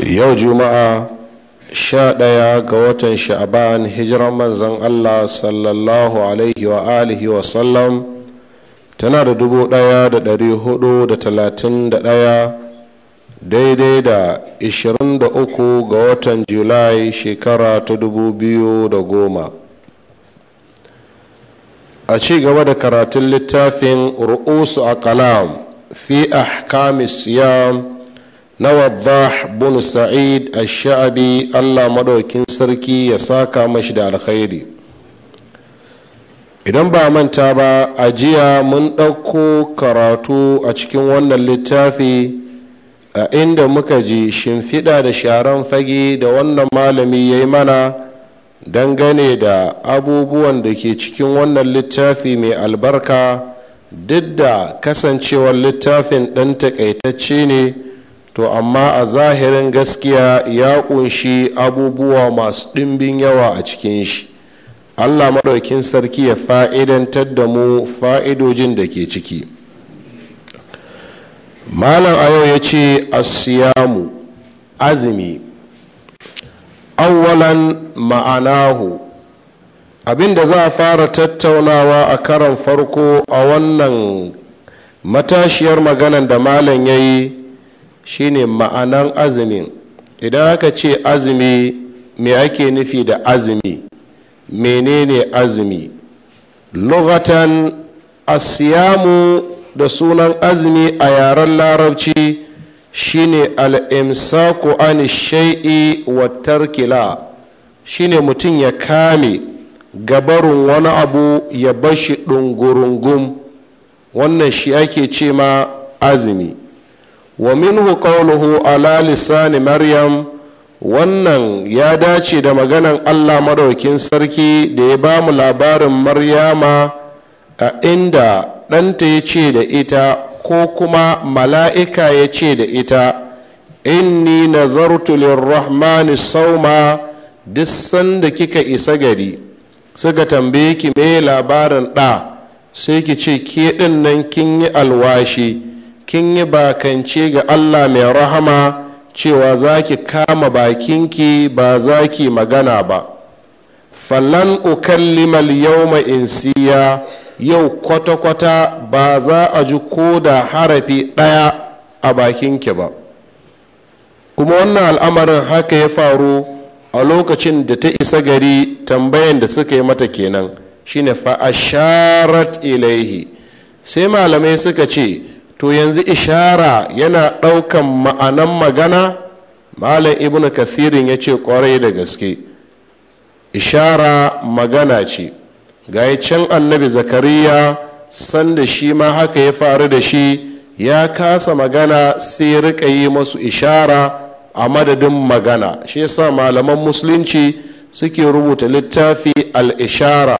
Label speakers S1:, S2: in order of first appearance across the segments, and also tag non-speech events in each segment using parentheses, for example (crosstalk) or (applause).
S1: yau juma'a sha ɗaya ga watan sha'aban hijiran manzan allah sallallahu alaihi wa alihi wa sallam tana da dubu ɗaya da ɗari hudu da talatin da ɗaya daidai da ishirin da uku ga watan julai shekara ta dubu biyu da goma a ci gaba da karatun littafin ru'usu a kalam fi ahkami siyam na waddah bin sa'id ash-sha'bi Allah madaukin sarki ya saka mashi da alkhairi idan ba manta ba a jiya mun ɗauko karatu a cikin wannan littafi a inda muka ji shimfiɗa da sharan fage da wannan malami ya yi mana dangane da abubuwan da ke cikin wannan littafi mai albarka duk da kasancewar littafin ɗan takaitacce ne to amma a zahirin gaskiya ya kunshi abubuwa masu ɗimbin yawa a cikin shi allah maɗaukin sarki ya fa'idantar da mu fa'idojin da ke ciki malam ayo ya ce asiyamu azumi awwalan ma'anahu abinda za a fara tattaunawa a karan farko a wannan matashiyar maganan da malam ya yi shine ma'anan azumin idan aka ce azumi me ake nufi da azumi menene azumi lugatan asiyamu da sunan azumi a yaren larabci shine al'imsaku an shai'i wa tarkila shine mutum ya kame gabarin wani abu ya bashi ɗungurungun, wannan shi ake ce ma azumi wa minhu qawluhu ala lisani maryam wannan ya dace da maganan allah madaukin sarki da ya ba mu labarin maryama a inda ɗanta ya ce da ita ko kuma mala'ika ya ce da ita inni nazartu lirrahmani sauma duk sanda kika isa gari suka tambaye ki me labarin ɗa sai ki ce ke ɗin nan kin yi alwashi kin yi bakance ga allah mai rahama cewa za ki kama bakinki ba za ki magana ba falan ukallimal yawma insiya yau kwata-kwata ba za a ji ko da harafi ɗaya a bakinki ba kuma wannan al'amarin haka ya faru a lokacin da ta isa gari tambayan da suka yi mata kenan shine fa'asharat ilaihi sai malamai suka ce to yanzu ishara yana ɗaukan ma'anan magana malam ibnu kathirin ya ce ƙwarai da gaske ishara magana ce ga can annabi zakariya sanda shi ma haka ya faru da shi ya kasa magana sai riƙa yi masu ishara a madadin magana shi yasa malaman musulunci suke rubuta littafi al-ishara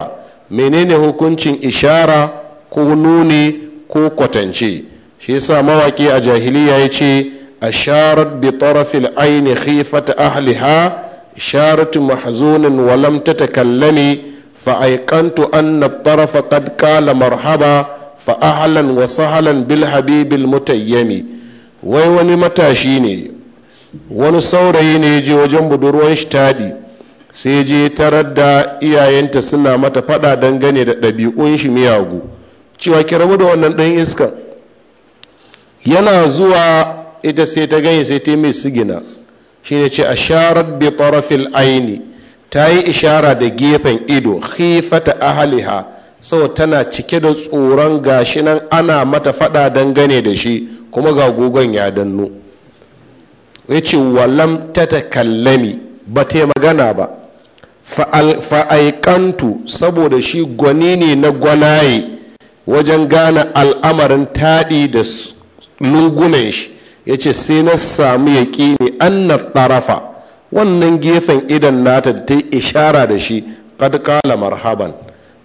S1: menene hukuncin ishara ko nuni ko kwatance shi yasa mawaki a jahiliya ya ce a sharat bi tarafil aini khifata ahliha sharatu mahzunin wa lam tatakallami fa aiqantu anna tarafa qad qala marhaba fa ahlan wa sahlan bil habibil mutayyami wai wani matashi ne wani saurayi ne je wajen budurwan shi tadi sai je tarar da iyayenta suna mata fada dangane da ɗabi'un shi miyagu cewa ki rabu da wannan ɗan iska yana zuwa ita sai ta ganye sai ta mai sigina shi ne ce a sharar bi tarafil aini ta yi ishara da gefen ido khifata ahaliha sau tana cike da tsoron gashi nan ana mata fada dangane da shi kuma ga gogon ya danno ya ce walam ta kallami ba ta magana ba fa'aikantu saboda shi gwani ne na gwanaye wajen gane al'amarin taɗi da su. lungunan shi ya ce sai na samu ya ne annar tarafa wannan gefen idan nata da ta ishara da shi kad kala marhaban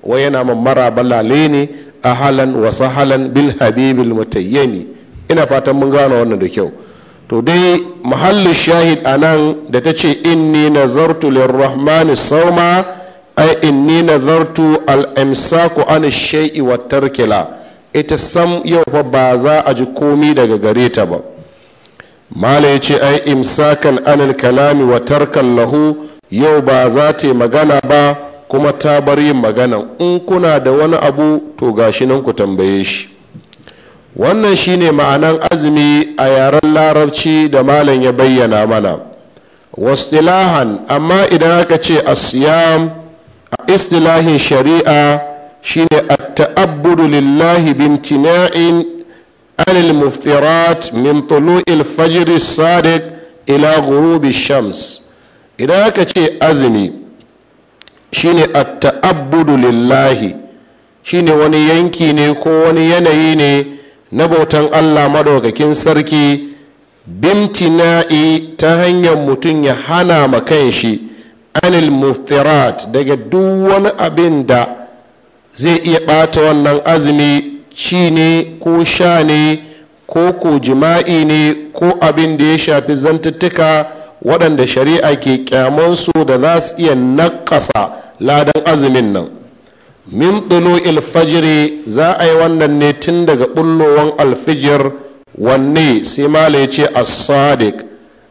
S1: wai yana man maraba lale ne a halan wasu halan bil habibil mutayyami ina fatan mun gano wannan da kyau to dai mahallin shahid a nan da ta ce inni nazartu lirrahmani sauma ai inni zartu al'amsa ku an shai'i wa tarkila ita sam yau fa ba za a ji komi daga gare ta ba mala ya ce ai imsakan anil kalami wa tarkan lahu yau ba za ta magana ba kuma ta bar yin magana in kuna da wani abu to gashi nan ku tambaye shi wannan shine ma'anan azumi a yaren larabci da malam ya bayyana mana wastilahan amma idan aka ce asiyam a istilahin shari'a shine at-ta'abbudu lillahi bimtina'in anil muftirat min tulu'il fajr sadiq ila gurubi shams idan aka ce azumi shine at-ta'abbudu lillahi shine wani yanki ne ko wani yanayi ne na bautan Allah madaukakin sarki bimtina'i ta hanyar mutum ya hana ma kanshi anil muftirat daga duk wani abin da zai iya ɓata wannan azumi ci ne ko sha ne ko ko jima'i ne ko abin da ya shafi zantuttuka waɗanda shari'a ke kyamansu da za su iya naƙasa ladan azumin nan min ɗulo ilfajiri za a yi wannan ne tun daga bullowan alfijir wanne sai mala ya ce asadik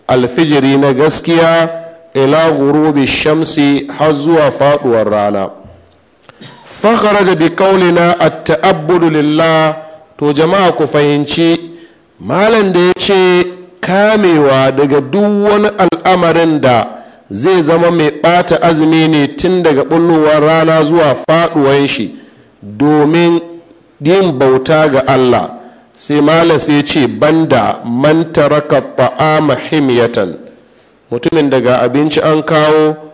S1: alfijiri na gaskiya ila gurubi shamsi har zuwa faɗuwar rana fakharaja bi na at-ta'abbudu lillah to jama'a ku fahimci malam da ya ce kamewa daga duk wani al'amarin da zai zama mai ɓata azumi ne tun daga bullowar rana zuwa faduwan shi domin yin bauta ga Allah sai malam sai ce banda man taraka ta'ama himyatan mutumin daga abinci an kawo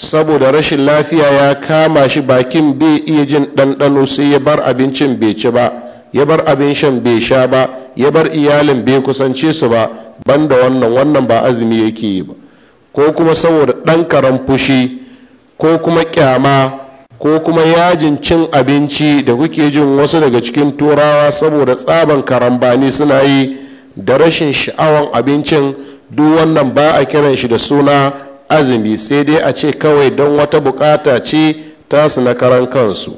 S1: saboda rashin lafiya ya kama shi bakin bai iya jin ɗanɗano sai ya bar abincin bai ci ba ya bar abin shan bai sha ba ya bar iyalin bai kusance su ba banda wannan wannan ba azumi yake yi ba ko kuma saboda ɗan karan fushi ko kuma kyama ko kuma yajin cin abinci da kuke jin wasu daga cikin turawa saboda tsaban karambani suna yi da rashin sha'awan abincin duk wannan ba a kiran shi da suna azumi sai dai a ce kawai don wata bukata ce tasu na karan kansu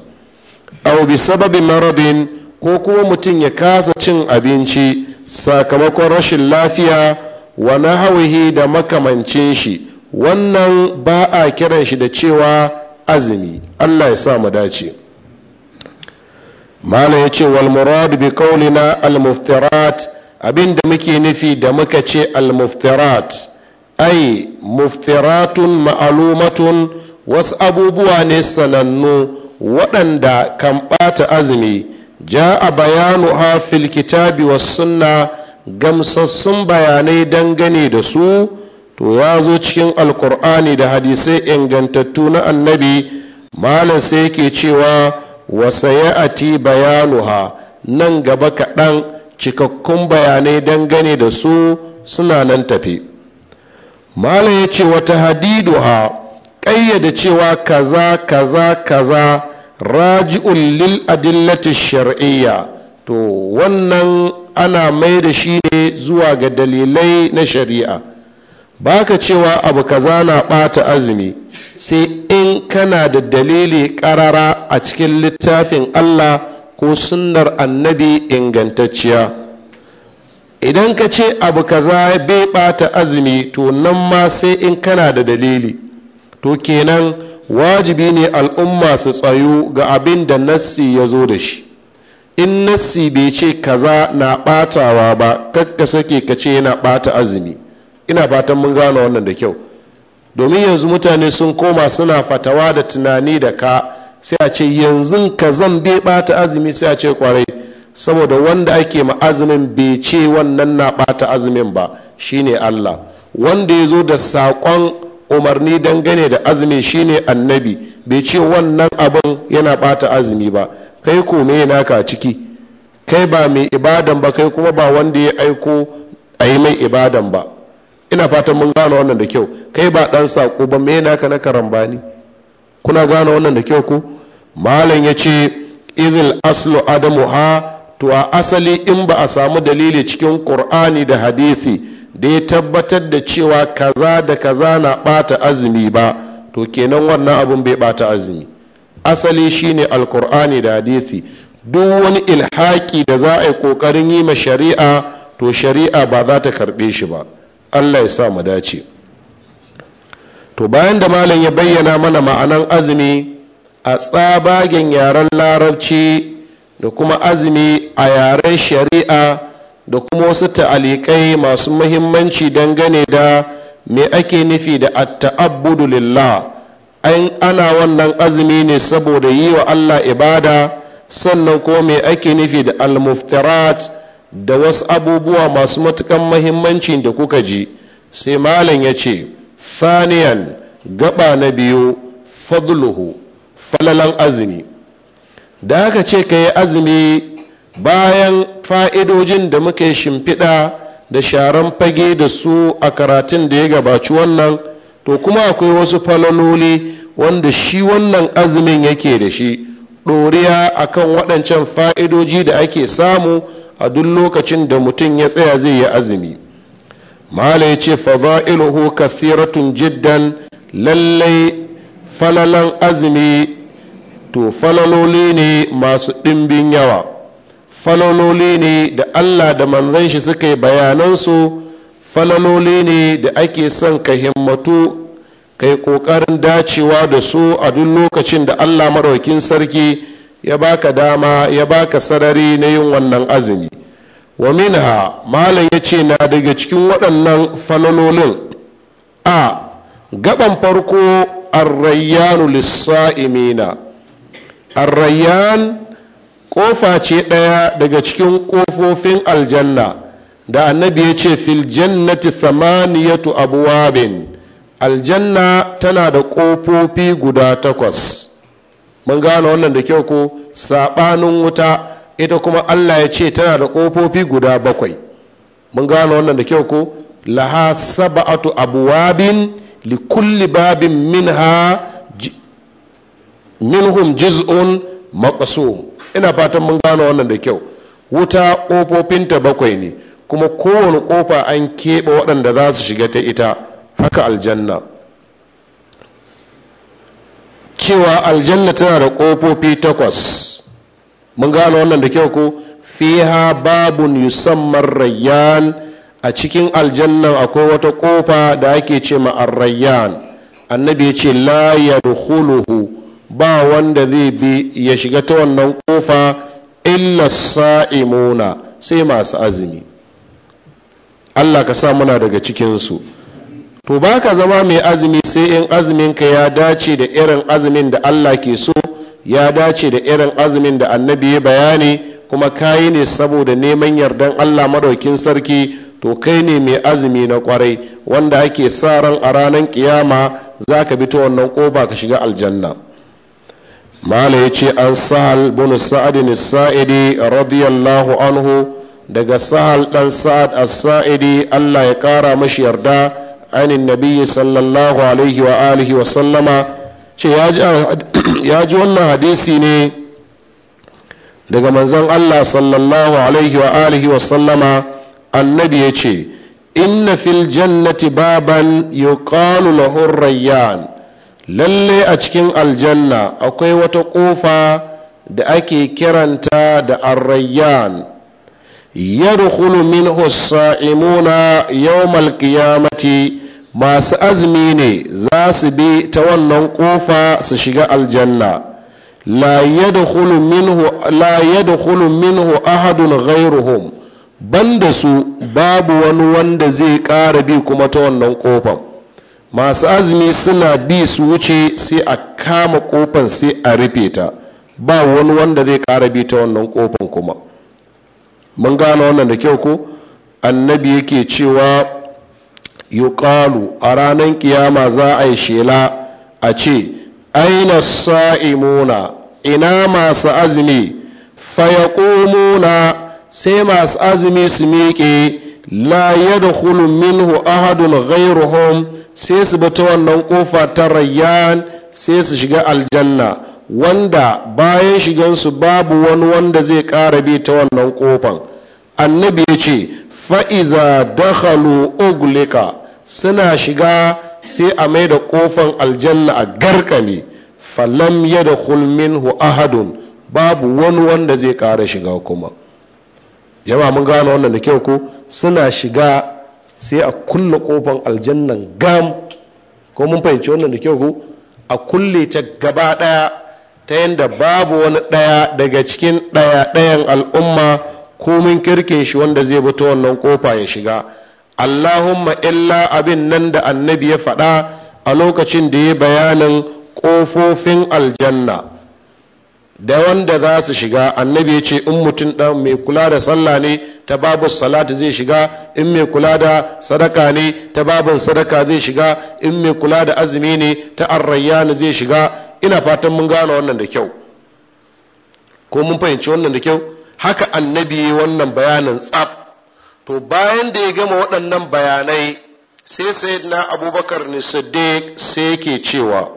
S1: abu bi sababi maradin ko kuma mutum ya kasa cin abinci sakamakon rashin lafiya wa nahawihi da makamancin shi wannan ba a kiran shi da cewa azumi allah ya sa mu dace mana ya ce wal murad bi kaulina al muftirat abin da muke nufi da muka ce al ai muftiratun ma'alumatun wasu abubuwa ne sanannu waɗanda kan ɓata azumi ja a bayanu ha kitabi wa sunna gamsassun bayanai dangane da su to ya zo cikin alkur'ani da hadisai ingantattu na annabi malam sai ke cewa wasa ya ati ha nan gaba kaɗan cikakkun bayanai dangane da su suna nan tafi malam ya ce wata hadidu hadiduha ƙayyada cewa kaza kaza kaza raji'un lil adillati shar'iyya to wannan ana mai da shi ne zuwa ga dalilai na shari'a baka cewa abu kaza na ɓata azumi sai in kana da dalili ƙarara a cikin littafin allah ko sunnar annabi ingantacciya idan ka ce abu kaza bai bata azumi to nan ma sai in kana da dalili to kenan wajibi ne al'umma su tsayu ga abin da nassi ya zo da shi in nassi bai ce kaza na batawa ba kakka sake ka ce yana bata azumi ina fatan mun gano wannan da kyau domin yanzu mutane sun koma suna fatawa da tunani da ka sai a ce yanzu kazan zan bai bata azumi sai a ce kwarai saboda wanda ake ma azumin bai ce wannan na bata azumin ba shine Allah wanda ya zo da saƙon umarni dangane da azumi shine annabi bai ce wannan abin yana bata azumi ba kai ko me naka ciki kai ba mai ibadan ba kai kuma ba wanda ya aiko a yi mai ibadan ba ina fatan mun gane wannan da kyau kai ba ɗan saƙo ba me naka na karambani kuna gane wannan da kyau ko malam ya ce idil aslu adamu ha to a asali in ba a samu dalili cikin ƙur'ani da hadithi da ya tabbatar da cewa kaza da kaza na bata azumi ba to kenan wannan abun bai bata azumi asali shine alƙur'ani da hadithi duk wani ilhaki da za a yi ƙoƙarin yi ma shari'a to shari'a ba za ta karɓe shi ba allah ya sa mu dace to bayan da malam ya bayyana mana ma'anan azumi a tsabagen yaren larabci da kuma azumi a yaren shari'a da kuma wasu ta'alikai masu muhimmanci dangane da me ake nufi da atta'abudu lillah an ana wannan azumi ne saboda yi wa allah ibada sannan ko me ake nufi da almuftirat da wasu abubuwa masu matukan muhimmanci da kuka ji sai malam ya ce faniyan gaba na biyu fadluhu falalan azumi da aka ce ka yi azumi bayan fa'idojin da muka shimfiɗa da sharan fage da su a karatun da ya gabaci wannan to kuma akwai wasu falaloli wanda shi wannan azumin yake da shi ɗoriya akan waɗancan fa'idoji da ake samu a duk lokacin da mutum ya tsaya zai yi azumi mala ya ce fada'iluhu kathiratun jiddan lallai falalan azumi to falaloli ne masu ɗimbin yawa falaloli ne da allah da manzan shi suka yi bayanansu falaloli ne da ake son ka himmatu ka yi ƙoƙarin dacewa da su a duk lokacin da allah maraukin sarki ya baka dama ya baka sarari na yin wannan azumi wa minha malam ya ce na daga cikin waɗannan falalolin a gaban farko arrayyanu lissa'imina arrayyan ƙofa ce ɗaya daga cikin ƙofofin aljanna da annabi ya ce fil jannati samaniyatu abuwabin aljanna tana da ƙofofi guda takwas mun gane wannan da kyau ko saɓanin wuta ita kuma allah ya ce tana da ƙofofi guda bakwai mun gane wannan da kyau ko laha saba'atu abuwabin likulli babin minha minhum juz'un maqsum ina fatan mun gano wannan da kyau wuta kofofinta bakwai ne kuma kowane kofa an keɓe waɗanda za su shiga ta ita haka aljanna cewa aljanna tana da kofofi takwas mun gano wannan da kyau ko fiha babun yusamman rayyan a cikin aljanna akwai wata kofa da ake ce ma rayyan annabi ya ce la yadkhuluhu ba wanda zai bi ya shiga ta wannan kofa illa sa'imuna sai masu azumi allah ka sa muna daga cikinsu to ba ka zama mai azumi sai in azuminka ya dace da irin azumin da allah ke so ya dace da irin azumin da annabi ya bayani kuma kayi ne saboda neman yardan allah madaukin sarki to kai ne mai azumi na kwarai wanda ake sa ran a ranar kiyama za ka bi ta wannan kofa ka shiga aljanna mala ya ce an sahal bin sa'adin sa'idi radiyallahu anhu daga sahal dan sa'ad saidi Allah ya kara mashi yarda anin nabiyyi sallallahu alaihi wa alihi wa sallama ce (clears throat) ya ji wannan hadisi ne daga manzon Allah sallallahu alaihi wa alihi wa sallama annabi ya ce inna fil jannati baban yuqalu lahu rayyan lalle a cikin aljanna akwai wata kofa da ake kiranta da arrayyan yadkhulu minhu as-sa'imuna yawm al-qiyamati masu azumi ne za su bi ta wannan kofa su shiga aljanna la yadkhulu minhu ahadun ghayruhum banda su babu wani wanda zai ƙara bi kuma ta wannan kofan. masu azumi suna bi su wuce sai a kama kofan sai a rufe ta ba wani wanda zai ƙara bi ta wannan kofan kuma mun gane wannan da kyau ko annabi yake cewa yuqalu a ranar kiyama za a yi shela a ce aina sa'imuna ina masu azumi fayaƙomuna sai masu azumi su miƙe la yadkhulu minhu ahadun ghairuhum sai su bi ta wannan kofa ta rayyan sai su shiga aljanna wanda bayan shigansu babu wani wanda zai ƙara bi ta wannan kofan annabi ya ce fa'iza dakhalu uglika suna shiga sai a mai da kofan aljanna a garkame falam yadkhul minhu ahadun babu wani wanda zai ƙara shiga kuma jama'a mun gane wannan da kyau ko suna shiga sai a kulle kofan aljannan gam ko mun fahimci wannan da kyau ku. a kulle ta gaba daya ta yadda babu wani daya daga cikin daya dayan al'umma komin kirkin shi wanda zai bi wannan kofa ya shiga allahumma illa abin nan da annabi ya faɗa a lokacin da ya bayanin kofofin aljanna da wanda za su shiga annabi ya ce in mutum ɗan mai kula da sallah ne ta babu salatu zai shiga in mai kula da sadaka ne ta babin sadaka zai shiga in mai kula da azumi ne ta arrayyana zai shiga ina fatan mun gane wannan da kyau ko mun fahimci wannan da kyau haka annabi wannan bayanin tsab to bayan da ya gama waɗannan bayanai sai sayyidina abubakar ne siddiq sai yake cewa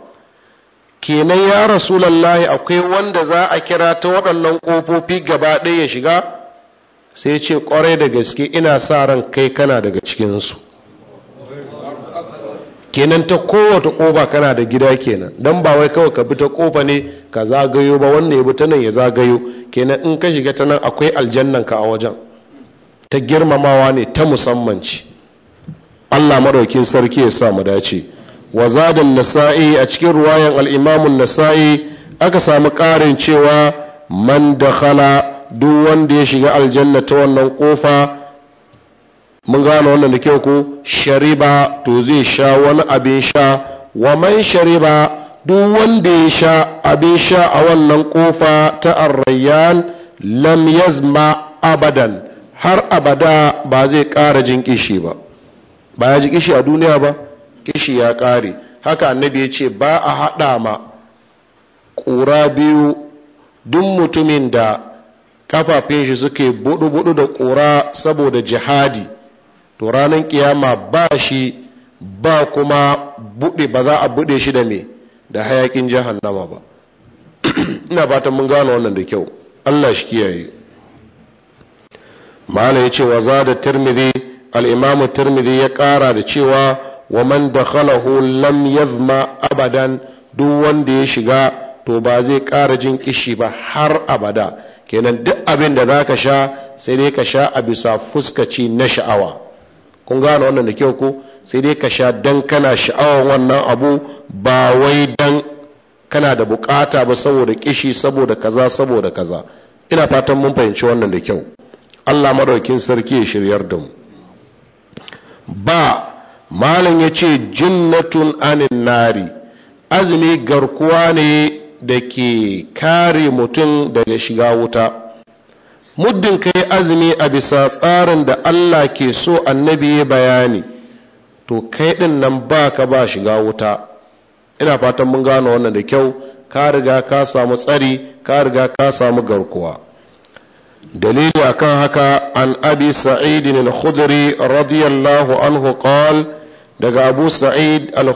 S1: kenan ya rasulallahi akwai wanda za a kira ta waɗannan ƙofofi gaba ɗaya ya shiga sai ce kwarai da gaske ina sa ran kai kana daga cikinsu kenan ta kowace ƙofa kana da gida kenan don ba wai kawai ka bi ta ƙofa ne ka zagayo ba wannan ya bi ta nan ya zagayo kenan in ka shiga ta nan akwai aljannan ka a wajen ta girmamawa ne ta musamman ce allah maɗaukin sarki ya sa mu dace wa zadan nasa'i a cikin ruwayan al'imamun nasa'i aka samu ƙarin cewa man khala. duk wanda ya shiga aljanna ta wannan kofa mun gane wannan da kyau ko shariba to zai sha wani abin sha wa man shariba duk wanda ya sha abin sha a wannan kofa ta arrayyan lam yazma abadan har abada ba zai kara jin kishi ba ba ya ji kishi a duniya ba kishi ya kare haka annabi ya ce ba a hada ma ƙura biyu duk mutumin da kafafen shi suke buɗu buɗu da ƙura saboda jihadi to ranar kiyama ba shi ba kuma buɗe ba za a buɗe shi da me da hayakin nama ba (clears throat) ina ta mun gane wannan da kyau allah shi kiyaye ma'ana ya ce wa za da tirmidhi al'imamu tirmidhi ya ƙara da cewa wa man da lam yazma abadan duk wanda ya shiga to ba zai ƙara jin kishi ba har abada kenan duk abin da za ka sha sai dai ka sha a bisa fuskaci na sha'awa kun gane wannan da kyau ko sai dai ka sha dan kana sha'awar wannan abu ba wai dan kana da bukata ba saboda kishi saboda kaza saboda kaza ina fatan mun fahimci wannan da kyau allah madaukin sarki ya shiryar da mu ba malam ya ce jinnatun anin nari azumi garkuwa ne da ke kare mutum daga shiga wuta muddin kai azumi a bisa tsarin da allah ke so annabi ya bayani to kai din nan ba ka ba shiga wuta ina fatan mun gano wannan da kyau ka riga ka samu tsari ka riga ka samu garkuwa dalili a kan haka an abi sa'id al-khudri radiyallahu anhu qal daga abu sa'id al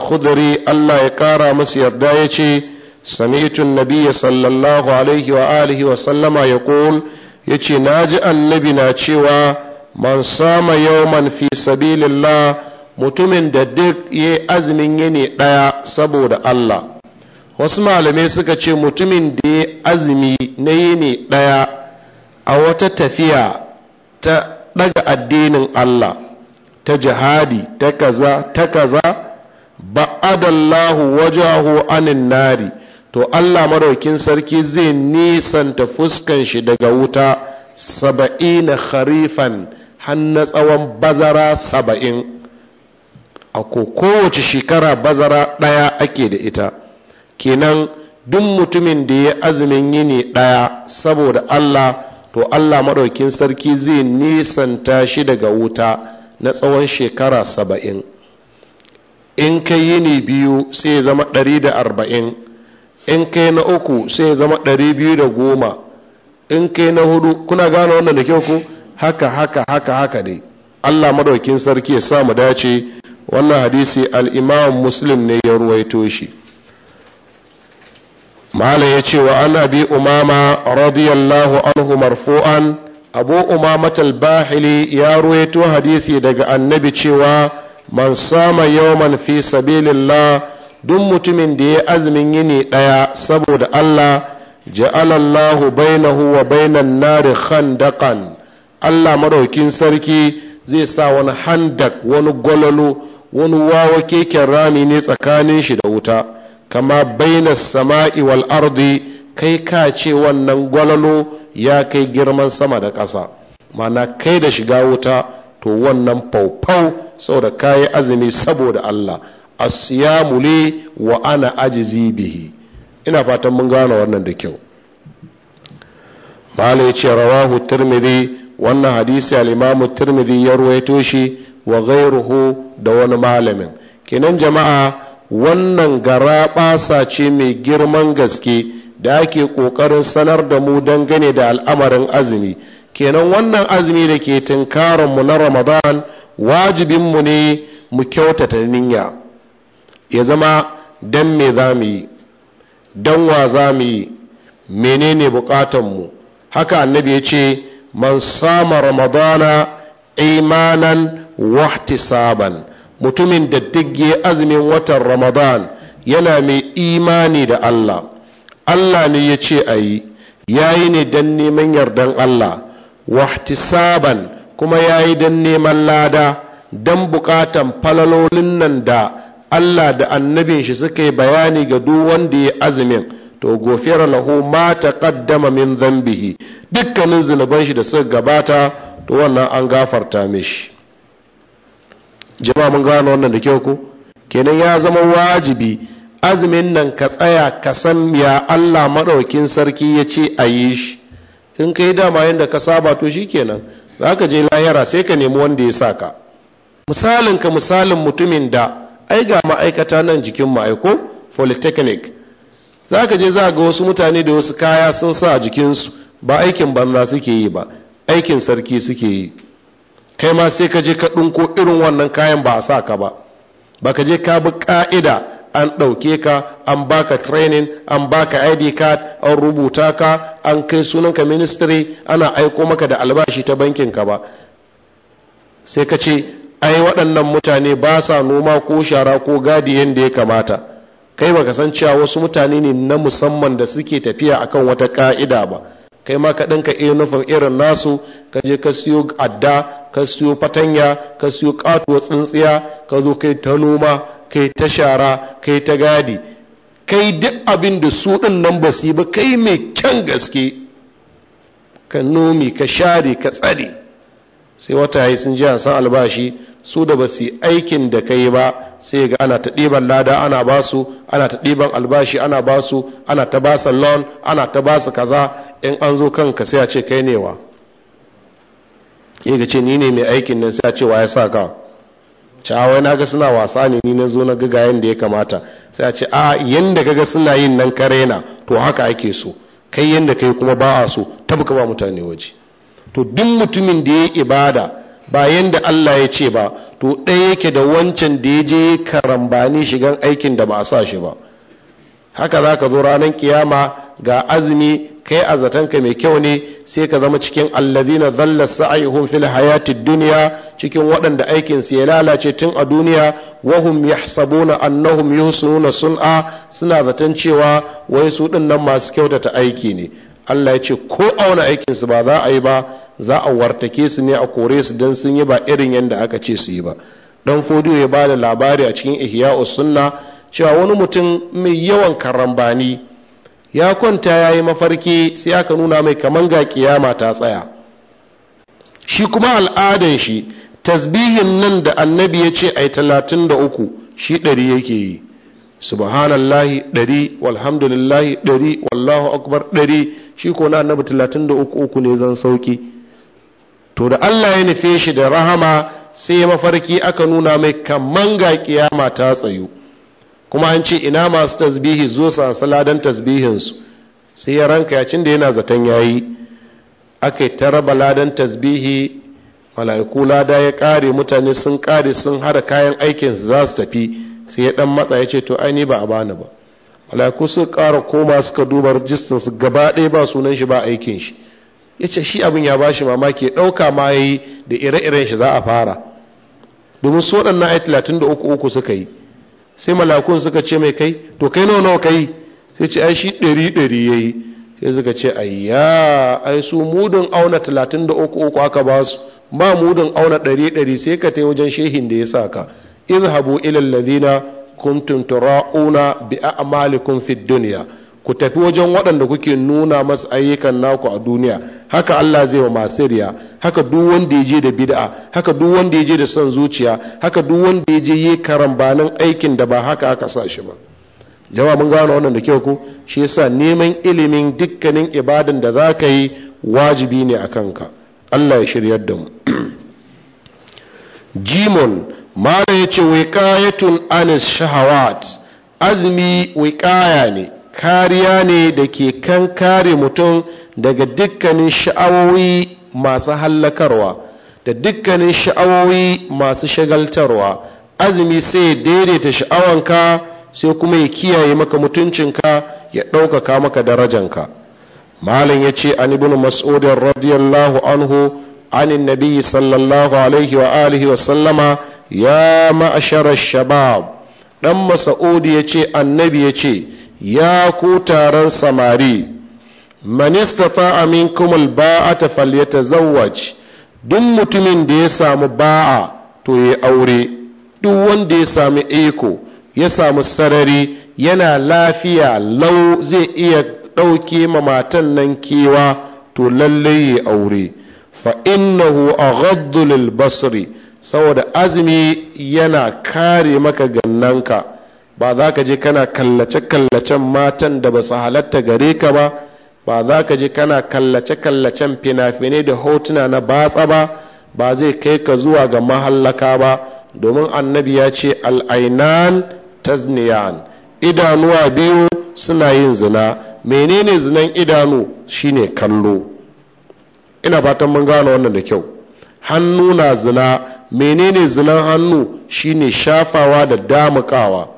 S1: allah ya kara masu yarda ya ce سمعت النبي صلى الله عليه وآله وسلم يقول يتي ناجي النبي ناتشيوا من صام يوما في سبيل الله mutumin da duk ya azumin yini ɗaya saboda Allah wasu malamai suka ce mutumin da ya azumi na yini ɗaya a wata tafiya ta ɗaga addinin Allah ta jihadi ta kaza ta kaza ba'adallahu wajahu anin nari to allah maraukin sarki zai nisanta fuskan shi daga wuta saba'ina harifan hannun tsawon bazara saba'in a kowace shekara bazara ɗaya ake da ita kenan duk mutumin da ya azumin yini ɗaya saboda allah to allah maɗaukin sarki zai nisanta shi daga wuta na tsawon shekara saba'in in ka yini biyu sai zama ɗari da arba'in in kai na uku sai zama ɗari biyu da goma in kai na hudu kuna gane wannan da kyau ku haka haka haka haka ne allah madaukin sarki ya sa mu dace wannan hadisi al'imam muslim ne ya ruwaito shi mala ya ce wa an abi umama radiyallahu anhu marfu'an abu umama talbahili ya ruwaito hadisi daga annabi cewa man sama yawman fi sabilillah duk mutumin da ya azumin yini ɗaya saboda Allah ja'alallahu bainahu wa bainan nari khandaqan Allah maraukin sarki zai sa wani handak wani gwalolo wani wawa keken rami ne tsakanin shi da wuta kama baina sama'i wal ardi kai ka ce wannan gwalolo ya kai girman sama da ƙasa mana kai da shiga wuta to wannan faufau saboda kayi azumi saboda Allah asiyamu ne wa ana ajizi bihi ina fatan mun gane wannan da kyau mala ya ce rawahu tirmidhi wannan hadisi al'imamu imamu ya ruwaito shi wa gairuhu da wani malamin kenan jama'a wannan gara basa ce mai girman gaske da ake ƙoƙarin sanar da mu dangane da al'amarin azumi kenan wannan azumi da ke mu na ramadan wajibinmu ne mu kyautata niyya ya zama don me za mu yi don wa za mu yi menene bukatanmu haka annabi ya ce man sama ramadana imanan wahtisaban mutumin da digge azumin watan ramadan yana mai imani da allah allah ne ya ce a yi ya yi ne don neman yardan allah wahtisaban kuma ya yi don neman lada don bukatan falalolin nan da Allah da annabin shi suka yi bayani ga duk wanda ya azumin to gofiyar lahu ma ta kaddama min zambihi dukkanin zunuban shi da suka gabata to wannan an gafarta mishi jama'a mun gano wannan da kyau ko kenan ya zama wajibi azumin nan ka tsaya ka san ya Allah maɗaukin sarki ya ce a yi shi in ka dama yadda ka saba to shi kenan za ka je lahira sai ka nemi wanda ya sa ka misalin ka misalin mutumin da ai ga ma'aikata nan jikin ma'aiko polytechnic za ka je za ga wasu mutane da wasu kaya sun sa a jikinsu ba aikin banza suke yi ba aikin sarki suke yi kai ma sai ka je ka ɗinko irin wannan kayan ba a sa ka ba ba ka je ka bi ka'ida an ɗauke ka an baka training an baka id card an rubuta ka an kai sunanka ministry ana aiko maka da albashi ta bankin ka ba sai ka ce ai waɗannan mutane ba sa noma ko shara ko gadi yadda ya kamata kai baka san cewa wasu mutane ne na musamman da suke tafiya akan wata ka'ida ba kai ma ka ɗinka nufin irin nasu ka je ka siyo adda ka siyo fatanya ka siyo ƙatuwa tsintsiya ka zo kai ta noma kai ta shara kai ta gadi kai duk abin da su ɗin nan ba su yi ba kai mai kyan gaske ka nomi ka share ka tsare sai wata yi sun ji san albashi su da ba su aikin da kai ba sai ga ana ta ɗiban lada ana ba su ana ta ɗiban albashi ana ba su ana ta ba su loan ana ta ba su kaza in an zo kanka sai a ce kai ne wa ga ce ni ne mai aikin nan sai a ce wa ya sa ka cewa na ga suna wasa ne ni na zo na ga yadda ya kamata sai a ce a yadda kaga suna yin nan karena to haka ake so kai yadda kai kuma ba a so tabbaka ba mutane waje to duk mutumin da ya yi ibada ba yadda Allah ya ce ba to ɗaya yake da wancan da ya je karambani shigan aikin da ba a sa shi ba haka za ka zo ranar kiyama ga azumi kai a zatonka mai kyau ne sai ka zama cikin allazina zallar sa'ihum fil hayati duniya cikin waɗanda aikin ya lalace tun a duniya wahum yahsabuna annahum nuna sun'a suna zaton cewa wai su ɗin nan masu kyautata aiki ne Allah ya ce ko auna aikin su ba za a yi ba za a wartake su ne a kore su don sun yi ba irin yadda aka ce su yi ba dan fodiyo ya ba da labari a cikin ihya sunna cewa wani mutum mai yawan karambani ya kwanta ya yi mafarki sai aka nuna mai kaman ga kiyama ta tsaya shi kuma al'adan shi tasbihin nan da annabi ya ce ai talatin da uku shi ɗari yake yi subhanallahi ɗari walhamdulillahi ɗari wallahu akbar ɗari shi ko na annabi talatin da uku uku ne zan sauki to da Allah ya nufe shi da rahama sai mafarki aka nuna mai kaman ga kiyama ta tsayu kuma an ce ina masu tasbihi zo su asala don tasbihinsu sai ya ranka ya cin da yana zaton yayi aka yi taraba ladan tasbihi mala'iku lada ya kare mutane sun kare sun hada kayan aikinsu za su tafi sai ya dan matsa ya ce to aini ba a bani ba mala'iku sun kara koma suka duba rajistan su gaba ɗaya ba sunan shi ba aikin shi ya ce shi abin ya bashi mamaki ya ɗauka ma ya yi da ire-iren shi za a fara domin su waɗannan ayi talatin da uku uku suka yi sai malakun suka ce mai kai to kai nawa nawa kai sai ce ai shi ɗari ɗari ya yi sai suka ce ayya ai su mudun auna talatin da uku uku aka ba su ba mudun auna ɗari ɗari sai ka ta wajen shehin da ya sa ka izhabu ilal ladina kuntum tura'una bi a'malikum fid dunya ku tafi wajen waɗanda kuke nuna masu ayyukan naku a duniya haka Allah zai wa masu riya haka duk wanda ya je da bid'a haka duk wanda ya je da son zuciya haka duk wanda ya je yi karambanin aikin da ba haka aka sa shi ba jawabin mun gano wannan da kyau ko shi yasa neman ilimin dukkanin ibadan da za ka yi wajibi ne a kanka Allah ya shiryar da mu (clears throat) jimon mara ya ce wai kayatun anis shahawat azumi kaya ne kariya ne da ke kan kare mutum daga dukkanin sha'awoyi masu hallakarwa da dukkanin sha'awoyi masu shagaltarwa azumi sai ya daidaita sha'awanka sai kuma ya kiyaye maka mutuncinka ya ɗaukaka maka darajanka malam ya ce an ibn mas'udin radiyallahu anhu an nabi sallallahu alaihi wa alihi wa sallama ya ma'ashara shabab ɗan mas'udi ya ce annabi ya ce ya ku taron samari manista ta amin kumul ba'a ta falyata zawaj duk mutumin da ya samu ba'a to ya aure duk wanda ya samu iko ya samu sarari yana lafiya lau zai iya ɗauke ma matan nan kewa to lallai ya aure fa innahu a lil basri saboda azumi yana kare maka gannanka ba za ka je kana kallace-kallacen matan da ba su halatta gare ka ba ba za ka je kana kallace-kallacen fina-finai da hotuna na batsa ba ba zai kai ka zuwa ga mahallaka ba domin annabi ya ce al'ainan tazniyan idanuwa biyu suna yin zina menene zinan idanu shine kallo ina fatan mun gane wannan da kyau hannu na zina menene zinan hannu shine shafawa da damukawa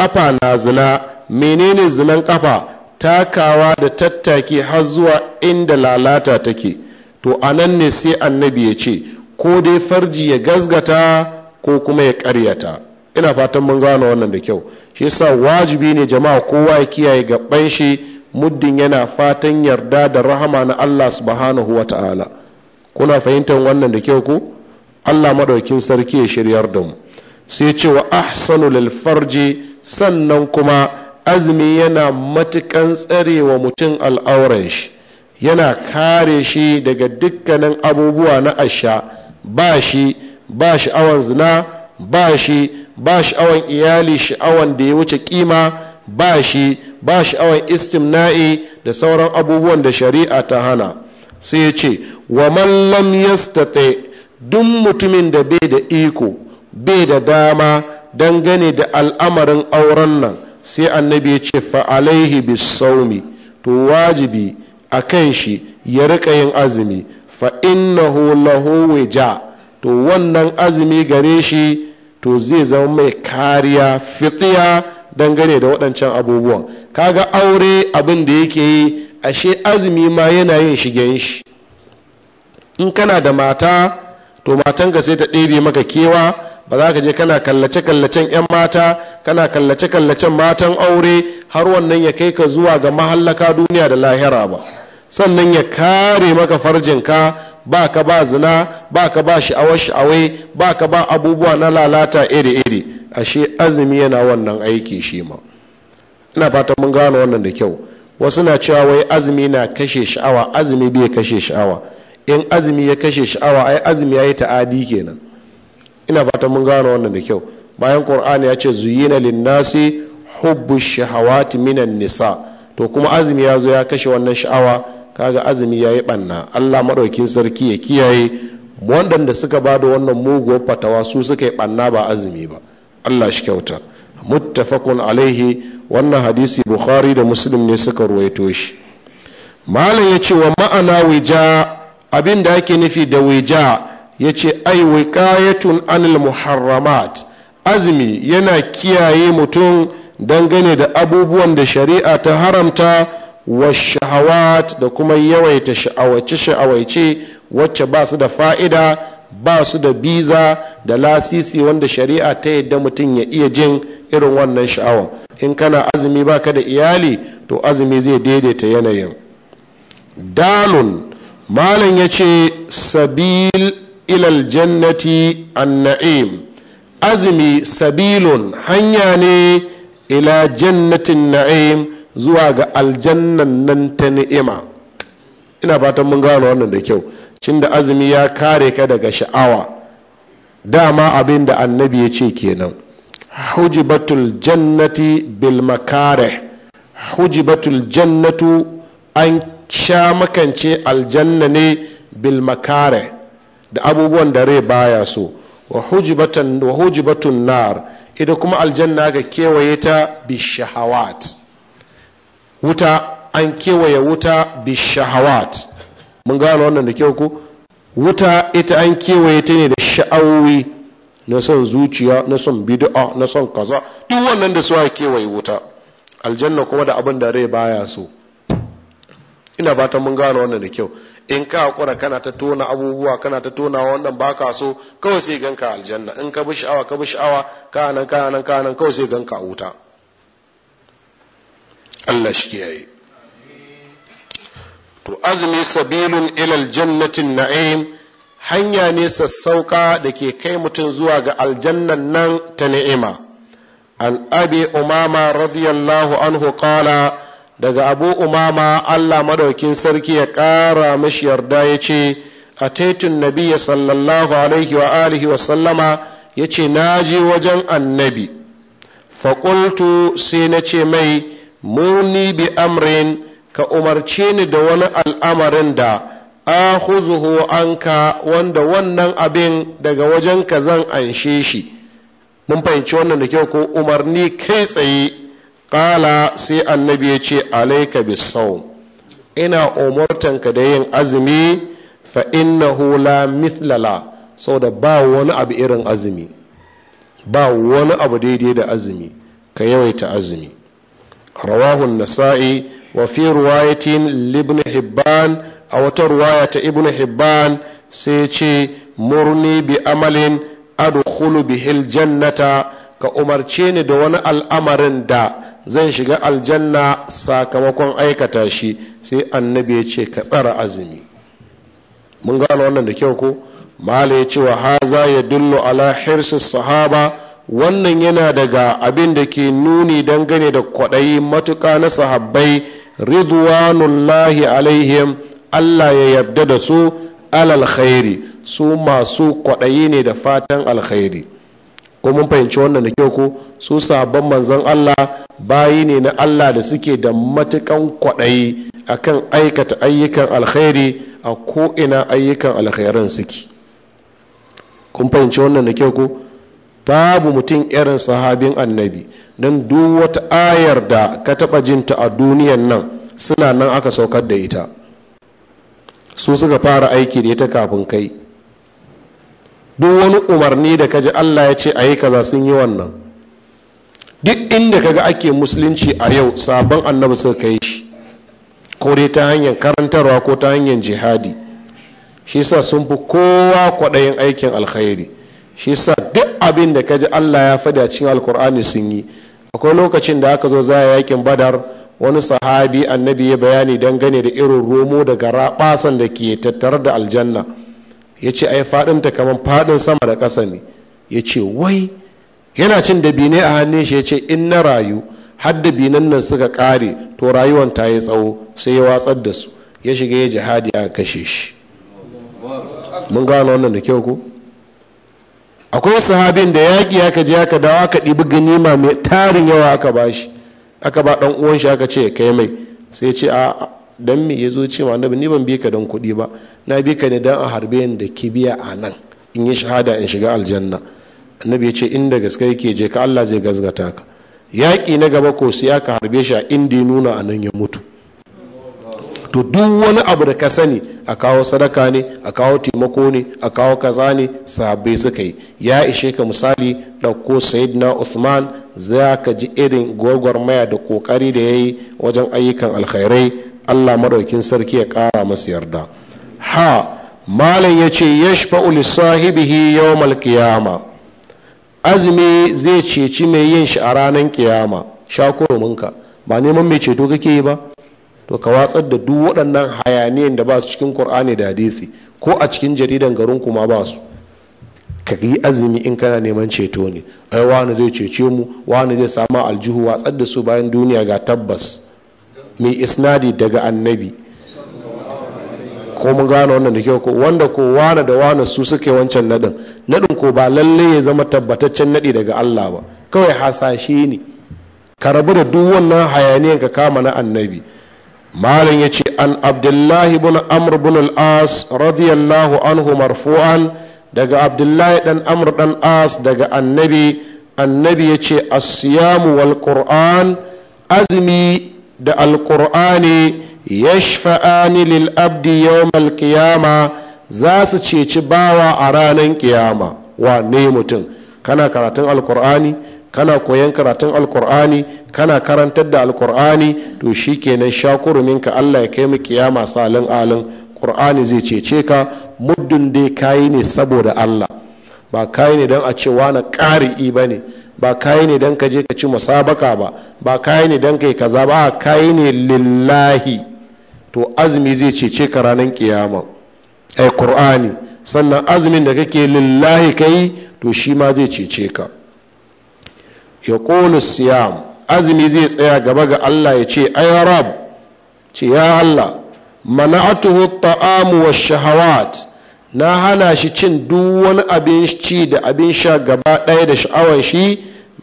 S1: ƙafa na zina menene zinan kafa takawa da tattaki har zuwa inda lalata take to a nan ne sai annabi ya ce ko dai farji ya gazgata ko kuma ya karyata ina fatan mun gano wannan da kyau shi yasa wajibi ne jama'a kowa ya kiyaye gaban shi muddin yana fatan yarda da rahama na Allah subhanahu wa ta'ala kuna fahimtar wannan da kyau ku. Allah madaukin sarki ya shiryar da mu sai ce wa ahsanu lil farji sannan kuma azumi yana matukan tsarewa mutum al'auran shi yana kare shi daga dukkanin abubuwa na asha ba shi ba sha'awan zina ba shi ba sha'awan iyali sha'awan da ya wuce kima ba shi ba sha'awan istimna'i da sauran abubuwan da shari'a ta hana sai ya ce wa mallam yastate duk mutumin da bai da iko bai da dama dangane da al'amarin auren nan sai annabi ya ce fa'alaihi bisaumi to wajibi a kan shi ya riƙa yin azumi fa innahu lahu wija to wannan azumi gare shi to zai zama mai kariya fitiya dangane da waɗancan abubuwan kaga aure abin da yake yi ashe azumi ma yana yin shigen shi in kana da mata to matanka sai ta ɗebe maka kewa ba za ka je kana kallace-kallacen 'yan mata kana kallace-kallacen matan aure har wannan ya kai ka zuwa ga mahallaka duniya da lahira ba sannan ya kare maka farjinka ba ka ba zina ba ka ba sha'awar-sha'awai ba ka ba abubuwa na lalata iri-iri ashe azumi yana wannan aiki shi ma ina fata mun gano wannan da kyau wasu na cewa wai azumi na kashe sha'awa azumi bai kashe sha'awa in azumi ya kashe sha'awa ai azumi ya yi ta'adi kenan ina fata mun gano wannan da kyau bayan qur'ani ya ce zuyina linnasi hubbu shahawati minan nisa to kuma azumi ya zo ya kashe wannan sha'awa kaga azumi ya yi banna allah maɗaukin sarki ya kiyaye waɗanda suka ba da wannan muguwar fatawa su suka yi banna ba azumi ba allah shi kyauta muttafaqun alaihi wannan hadisi bukhari da muslim ne suka ruwaito shi malam ya ce wa ma'ana wija abin da ake nufi da wija ya ce ai wiqayatun anil muharramat azumi yana kiyaye mutum dangane da abubuwan da shari'a ta haramta wa shahawat da kuma yawaita sha'awace sha'awace wacce ba su da fa'ida ba su da biza da lasisi wanda shari'a ta yadda mutum ya iya jin irin wannan sha'awa in kana azumi baka da iyali to azumi zai daidaita yanayin dalun malam ya ce sabil ilal jannati an azumi sabilun hanya ne ila jannatin na'im zuwa ga aljannan nan ta ni'ima ina fatan mun gano wannan da kyau cin da azumi ya kare ka daga sha'awa dama abin da annabi ya ce kenan hujibatul jannati bil makare hujibatul jannatu an sha makance aljanna ne bil makare da abubuwan da rai baya so wa hujibatun nar ita kuma aljanna ga kewaye ta bishahawat wuta an kewaye wuta bishahawat mun gano wannan da kyau ku wuta ita an kewaye ta ne da sha'awi na son zuciya na son bid'a na son kaza duk wannan da suwa kewaye wuta aljanna kuma da abin da rai baya so ina ta mun gano wannan da kyau in ka hakura kana ta tona abubuwa kana ta tona wannan ba ka so kawai sai ganka aljanna in ka bi sha'awa ka bi sha'awa ka nan ka nan ka nan kawai sai ganka a wuta Allah shi kiyaye to azumi sabilun ilal jannatin na'im hanya ne sassauka da ke kai mutum zuwa ga aljannan nan ta ni'ima an abi umama radiyallahu anhu qala daga abu umama allah madaukin sarki ya ƙara mashi yarda ya ce a taitun nabiya sallallahu alaihi wa alihi wa sallama ya ce na je wajen annabi faƙultu sai na ce mai murni bi amrin ka umarce ni da wani al'amarin da ahuzuhu anka wanda wannan abin daga wajenka zan anshe shi mun fahimci wannan da kyau ko umarni kai tsaye ƙala sai annabi ya ce alaika bisau ina ka da yin azumi fa innahu la mithlala da ba wani abu irin azumi ba wani abu daidai da azumi ka yawaita azumi rawahun nasa'i wa fi riwayatin hibban a wata riwaya ta ibn hibban sai ce murni bi amalin adkhulu bihil jannata ka umarce ni da wani al'amarin da zan shiga aljanna sakamakon aikata shi sai annabi ya ce ka tsara azumi mun gano wannan da kyau ko mala ya ce wa haza ya dullo ala hirsu sahaba wannan yana daga abin da ke nuni dangane da kwaɗayi matuƙa na sahabbai ridwanullahi alaihim allah ya yarda da su alal khairi su masu kwaɗayi ne da fatan alkhairi ko mun fahimci wannan da kyau ko su sabon manzon Allah bayi ne na Allah da suke da matukan kwaɗayi a kan aikata ayyukan alkhairi a ko'ina ayyukan alkhairan suke kun fahimci wannan da kyau ko babu mutum irin sahabin annabi don duk wata ayar da ka taɓa jinta a duniyan nan suna nan aka saukar da ita su suka fara aiki da ita kafin kai duk wani umarni da kaji Allah ya ce a yi kaza sun yi wannan duk inda kaga ake musulunci a yau sabon annabi suka kai shi ko dai ta hanyar karantarwa ko ta hanyar jihadi shi sa sun fi kowa kwaɗayin aikin alkhairi shi sa duk abin da kaji Allah ya fada cikin alkur'ani sun yi akwai lokacin da aka zo za a yakin badar wani sahabi annabi ya bayani dangane da irin romo daga garaɓasan da ke tattare da aljanna ya ce ai ta kamar faɗin sama da ƙasa ne ya ce wai yana cin dabine a hannun shi ya ce in na rayu har dabinan nan suka ƙare to rayuwan ta yi tsawo sai ya watsar da su ya shiga ya jihadi a kashe shi mun gano wannan da kyau ko akwai sahabin da yaƙi aka je aka dawo aka ɗibi ganima mai tarin yawa aka ba shi aka ba ɗan uwan shi aka ce ya kai mai sai ce a don me ya zo ce ma annabi ni ban bi ka don kuɗi ba na bi ka ne don a harbe da biya a nan in yi shahada in shiga aljanna annabi ya ce inda gaske yake je ka Allah zai gazgata ka yaƙi na gaba ko siya ka harbe shi a inda ya nuna a nan ya mutu to duk wani abu da ka sani a kawo sadaka ne a kawo taimako ne a kawo kaza ne sahabbai suka yi ya ishe ka misali ɗauko sayidina Usman za ka ji irin gwagwarmaya da ƙoƙari da ya yi wajen ayyukan alkhairai allah maɗaukin sarki ya ƙara masa yarda ha malam ya ce yashfa'u li sahibihi yawmal malkiyama azumi zai ceci mai yin shi a ranar kiyama sha ka. ba neman mai ceto kake yi ba to ka watsar da duk waɗannan hayaniyan da ba su cikin qur'ani da hadisi ko a cikin jaridan garin kuma ba su ka yi azumi in kana neman ceto ne ai wani zai cece mu wani zai samu aljihu watsar da su bayan duniya ga tabbas mai isnadi daga annabi ko mun gane wannan da kyau ko wanda ko wane da wane su suke wancan nadin nadin ko ba lalle ya zama tabbataccen nadi daga Allah ba kawai hasashe ne ka rabu da duk wannan hayaniyan ka kama na annabi malam ya ce an abdullahi bin amr bin al-as radiyallahu anhu marfu'an daga abdullahi dan amr dan as daga annabi annabi ya ce as-siyamu wal qur'an azmi da alƙur'ani yashfa'ani lil abdi yau malkiyama za su ceci bawa a ranar kiyama ne mutum kana karatun alkur'ani kana koyan karatun alkur'ani kana karantar da alkur'ani to shi kenan shikenan ka Allah ya kai mu kiyama salin alin ƙur'ani zai cece ka muddin dai kayi ne saboda Allah ba kayi ne don a cewa na ƙari'i ba ne ba kayi ne don ka je ka ci musabaka ba ba kayi ne don ka yi kaza ba kayi ne lillahi to azumi zai ce ka ranar kiyama a ƙur'ani. sannan azumin da kake lillahi kai to shi ma zai cece ka ya siyam azumi zai tsaya gaba ga allah ya ce ai rab ce ya allah atuhu ta'amu wa shahawat na hana shi cin duk wani abin ci da abin sha gaba ɗaya da sha'awar shi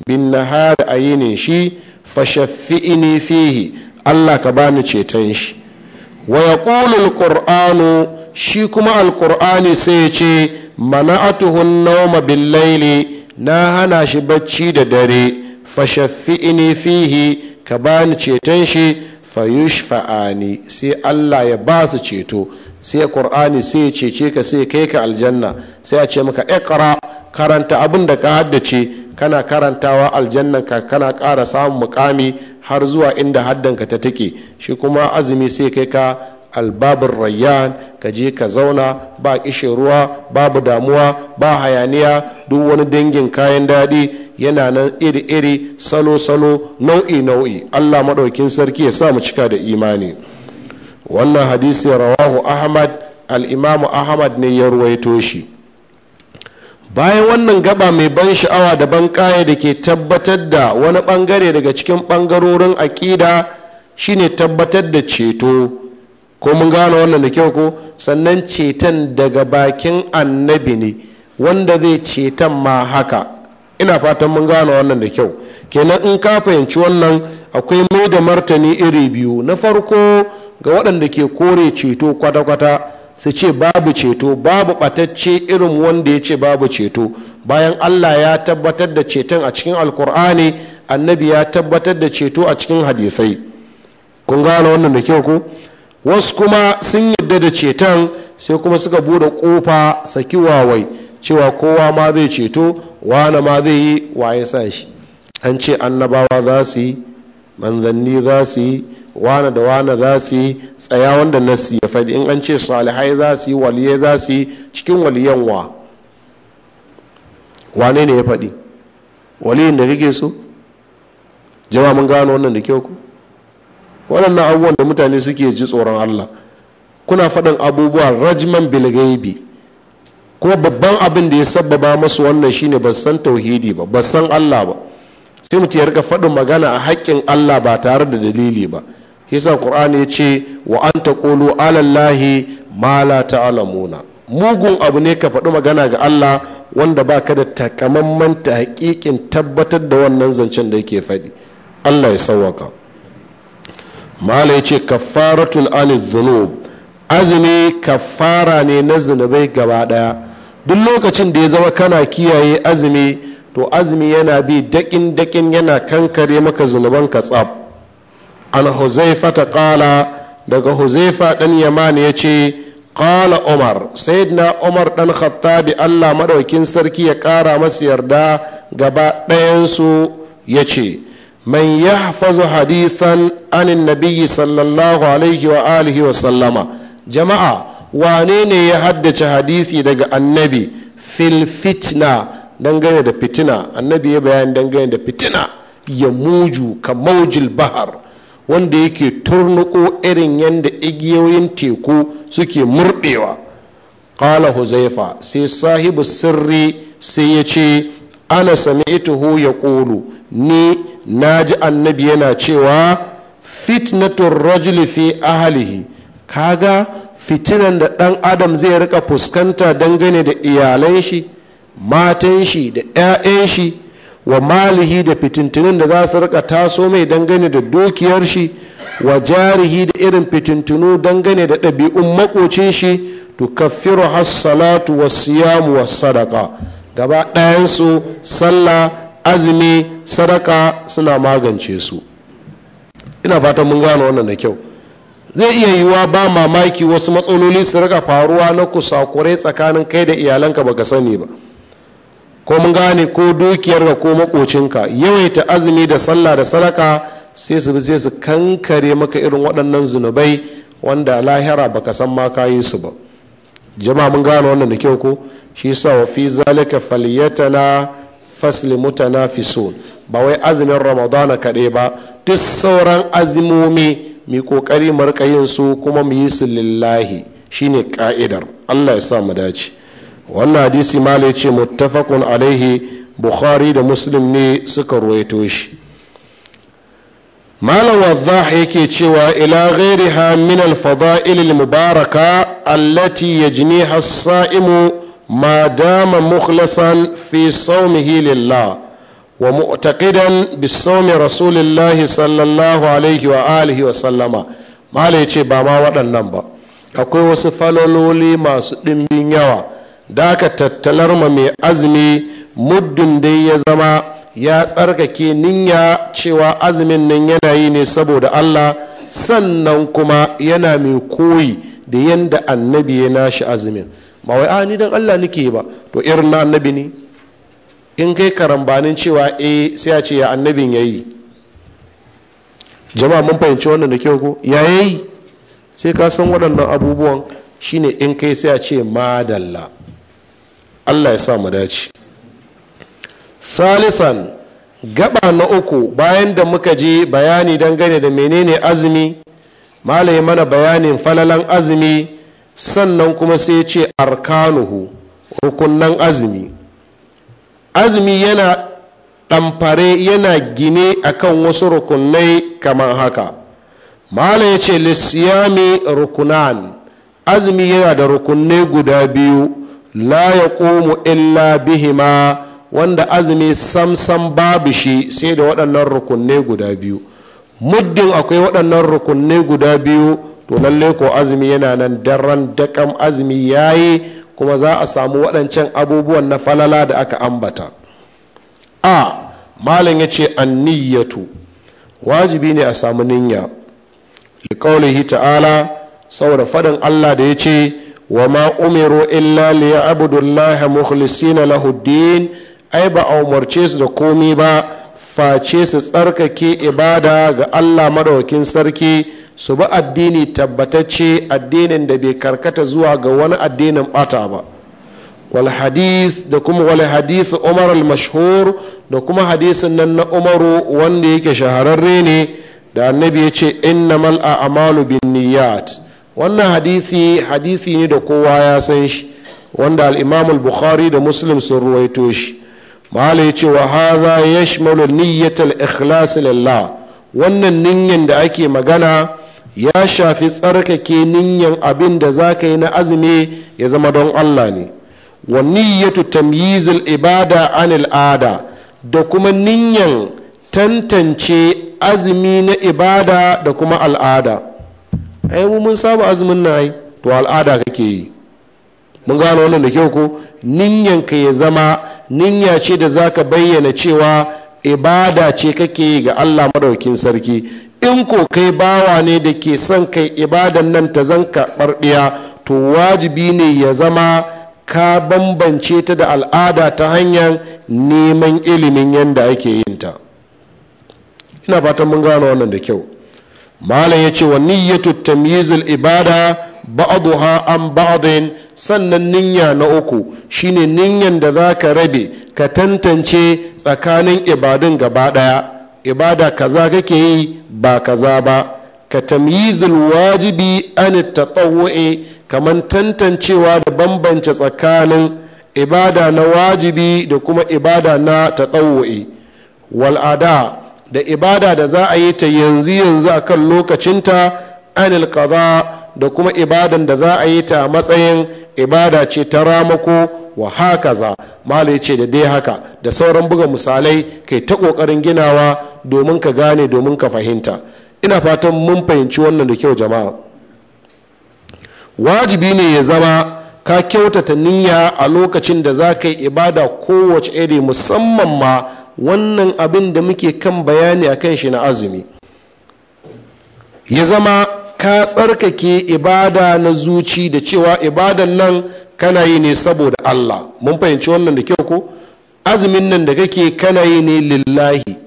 S1: bin hada a yinin shi fashaffi'ini fihi allah ka bani ceton shi wa yaqulu alqur'anu shi kuma Alƙur'ani sai ya ce mana an nauma bin laili na hana shi bacci da dare fashaffi'ini fihi ka bani ceton shi fayushfa'ani sai allah ya ba su ceto sai qur'ani sai ya cece ka sai kai ka aljanna sai ace ce maka iqra karanta abin da ka haddace kana karantawa aljanna ka kana kara samun mukami har zuwa inda haddanka ta take shi kuma azumi sai kai ka albabin rayyan ka je ka zauna ba kishin ruwa babu damuwa ba hayaniya duk wani dangin kayan daɗi yana nan iri-iri salo-salo nau'i-nau'i allah maɗaukin sarki ya sa mu cika da imani wannan hadisi rawahu ahmad al'imamu ahmad ne ya ruwaito shi bayan wannan gaba mai ban sha'awa da ban kaya da ke tabbatar da wani bangare daga cikin bangarorin aƙida shine tabbatar da ceto ko mun gane wannan da kyau ko sannan ceton daga bakin annabi ne wanda zai ceton ma haka ina fatan mun gane wannan da kyau kenan in ka fahimci wannan akwai mai da martani iri biyu na farko ga waɗanda ke kore ceto kwata-kwata su ce babu ceto babu ɓatacce irin wanda ya ce babu ceto bayan allah ya tabbatar da ceton a cikin alkur'ani annabi ya tabbatar da ceto a cikin hadisai kun gane wannan da kyau ko wasu kuma sun yadda da ceton sai kuma suka buɗe ƙofa saki wawai cewa kowa ma zai ceto wane ma zai yi waye sa shi an ce annabawa za su yi manzanni za su yi wane da wane za su yi tsaya wanda nasi ya faɗi in an ce salihai za su yi waliyai za su yi cikin waliyan wa wane ne ya faɗi waliyin da rige so jama mun gano wannan da kyau ku waɗannan abubuwan da mutane suke ji tsoron allah kuna faɗin abubuwa rajman bilgaibi ko babban abin da ya sabbaba masu wannan shine ba san tauhidi ba ba san allah ba sai mutu ya rika faɗin magana a haƙƙin allah ba tare da dalili ba yasa ya yace wa an ta ƙolo alallahi ma la mugun abu ne ka faɗi magana ga Allah wanda ba ka da takamamman ta hakikin tabbatar da wannan zancen da yake faɗi Allah ya sauwaka mala yace kafaratun anil zunub azumi kafara ne na zunubai gaba ɗaya duk lokacin da ya zama kana kiyaye azumi to azumi yana bi daƙin dakin yana kankare maka zunuban ka tsab an huzaifa ta kala daga huzaifa ɗan yaman ya ce kala umar sayyidina umar ɗan khattabi allah maɗaukin sarki ya ƙara masa yarda gaba ɗayansu ya ce man ya hadithan anin nabiyyi sallallahu alaihi wa alihi wa sallama jama'a wane ne ya haddace hadisi daga annabi fil fitna dangane da fitina annabi ya bayani dangane da fitina ya muju ka maujil bahar wanda yake turnuko irin yadda igiyoyin teku suke murɗewa ƙala huzaifa sai sahibu sirri sai ya ce ana sami'tuhu ya ƙulu ni na ji annabi yana cewa fitnatun rajuli fi ahalihi kaga fitinan da ɗan adam zai rika fuskanta dangane da iyalan shi matan shi da 'ya'yan shi wa malihi da fitintunin da za su rika taso mai dangane da dukiyar shi wa jarihi da irin fitintunu dangane da ɗabi'un makocin shi tukaffiru hassalatu wa siyamu wa sadaka gaba ɗayansu sallah azumi sadaka suna magance su ina fatan mun gane wannan da kyau zai iya yiwuwa ba mamaki wasu matsaloli su rika faruwa na kusakurai tsakanin kai da iyalanka baka sani ba ko mun gane ko dukiyarka ko makocinka yawaita azumi da sallah da sadaka sai su sai su kankare maka irin waɗannan zunubai wanda lahira baka san ma ka yi su ba jama'a mun gane wannan da kyau ko shi sa wa fi zalika falyatana fasli mutanafisun ba wai azumin ramadana kaɗai ba duk sauran azimomi mai kokari mu rika yin su kuma mu yi su lillahi shine ka'idar Allah ya sa mu dace wannan hadisi malai ce muttafaqun alaihi bukhari da muslim ne suka ruwaito shi malam wazah yake cewa ila ghairiha min al-fada'il al-mubaraka allati yajniha as-sa'imu ma dama mukhlasan fi sawmihi lillah wa mu'taqidan bi sawmi rasulillahi sallallahu alaihi wa alihi wa sallama malai ce ba ma waɗannan ba akwai wasu falololi masu ɗimbin yawa da aka tattalar ma mai azumi muddin dai ya zama ya tsarkake ninya cewa azumin nan yana yi ne saboda allah sannan kuma yana mai koyi da yadda annabi ya nashi azumin ba wai a ah, ni dan allah nake ba to irin na annabi ne in kai karambanin cewa eh sai a ce ya annabin yayi jama'a mun fahimci wannan da kyau ko ya yi? sai ka san waɗannan abubuwan shine in kai sai a ce madalla allah ya sa mu dace salifan gaba na uku bayan da muka je bayani dangane da menene azumi malaye mana bayanin falalan azumi sannan kuma sai ce arkanuhu rukunan azumi azumi yana ɗamfare yana gine akan wasu rukunnai kamar haka mala ya ce lissiyami rukunan azumi yana da rukunnai guda biyu la ya ƙomu illa bihima wanda azumi samsam babu shi sai da waɗannan rukunne guda biyu muddin akwai waɗannan rukunne guda biyu to lalle ko azumi yana nan daren daƙam azumi ya yi kuma za a samu waɗancan abubuwan na falala da aka ambata a malin ya ce anniyatu wajibi ne a samu niyya liƙaulihi ta'ala saboda faɗin allah da ya ce Wa ma وما أمروا إلا ليعبدوا الله مخلصين له umarce su da komi ba face su tsarkake ibada ga allah maɗaukin sarki su bi addini tabbatacce addinin da bai karkata zuwa ga wani addinin bata ba wal hadith da kuma mashhur da kuma hadisin nan na umaru wanda yake shahararre ne da annabi ya ce innamal a'malu bin niyyat wannan hadisi hadisi ne da kowa ya san shi wanda al bukhari da muslim sun ruwaito shi mahala ya ce wa haza ya shimalu niyyatar ikhlas lillah wannan niyyan da ake magana ya shafi tsarkake niyyan abin da za ka yi na azumi ya zama don allah ne wa niyyatu tamyizul ibada an ada da kuma niyyan tantance azumi na ibada da kuma al'ada ai mun saba azumin na ai to al'ada kake yi mun gano wannan da kyau ko ka ya zama ninya ce da zaka bayyana cewa ibada ce kake yi ga Allah madaukin sarki in ko kai bawa ne da ke son kai ibadan nan ta zanka barbiya to wajibi ne ya zama ka bambance ta da al'ada ta hanyar neman ilimin yadda ake yin ta ina fatan mun gano wannan da kyau malam ya ce wa niyyatu tamyizul ibada ba'daha an ba'din sannan niyya na uku shine ninyan da zaka rabe ka tantance tsakanin ibadun gaba daya ibada kaza kake yi ba kaza ba ka tamyizul wajibi an tatawwu'i kaman tantancewa da bambance tsakanin ibada na wajibi da kuma ibada na tatawwu'i wal'ada da ibada da za a yi ta yanzu yanzu a kan lokacinta anil qada da kuma ibadan da za a yi ta matsayin ibada ce ta ramako wa hakaza mala ce da dai haka da sauran buga misalai kai ta ƙoƙarin ginawa domin ka gane domin ka fahimta ina fatan mun fahimci wannan da kyau jama'a wajibi ne ya zama ka kyautata niyya a lokacin da za ka yi ibada kowace iri musamman ma wannan abin da muke kan bayani a kan shi na azumi ya zama ka tsarkake ibada na zuci da cewa ibadan nan kana yi ne saboda allah mun fahimci wannan da kyau ko azumin nan da kake kana yi ne lillahi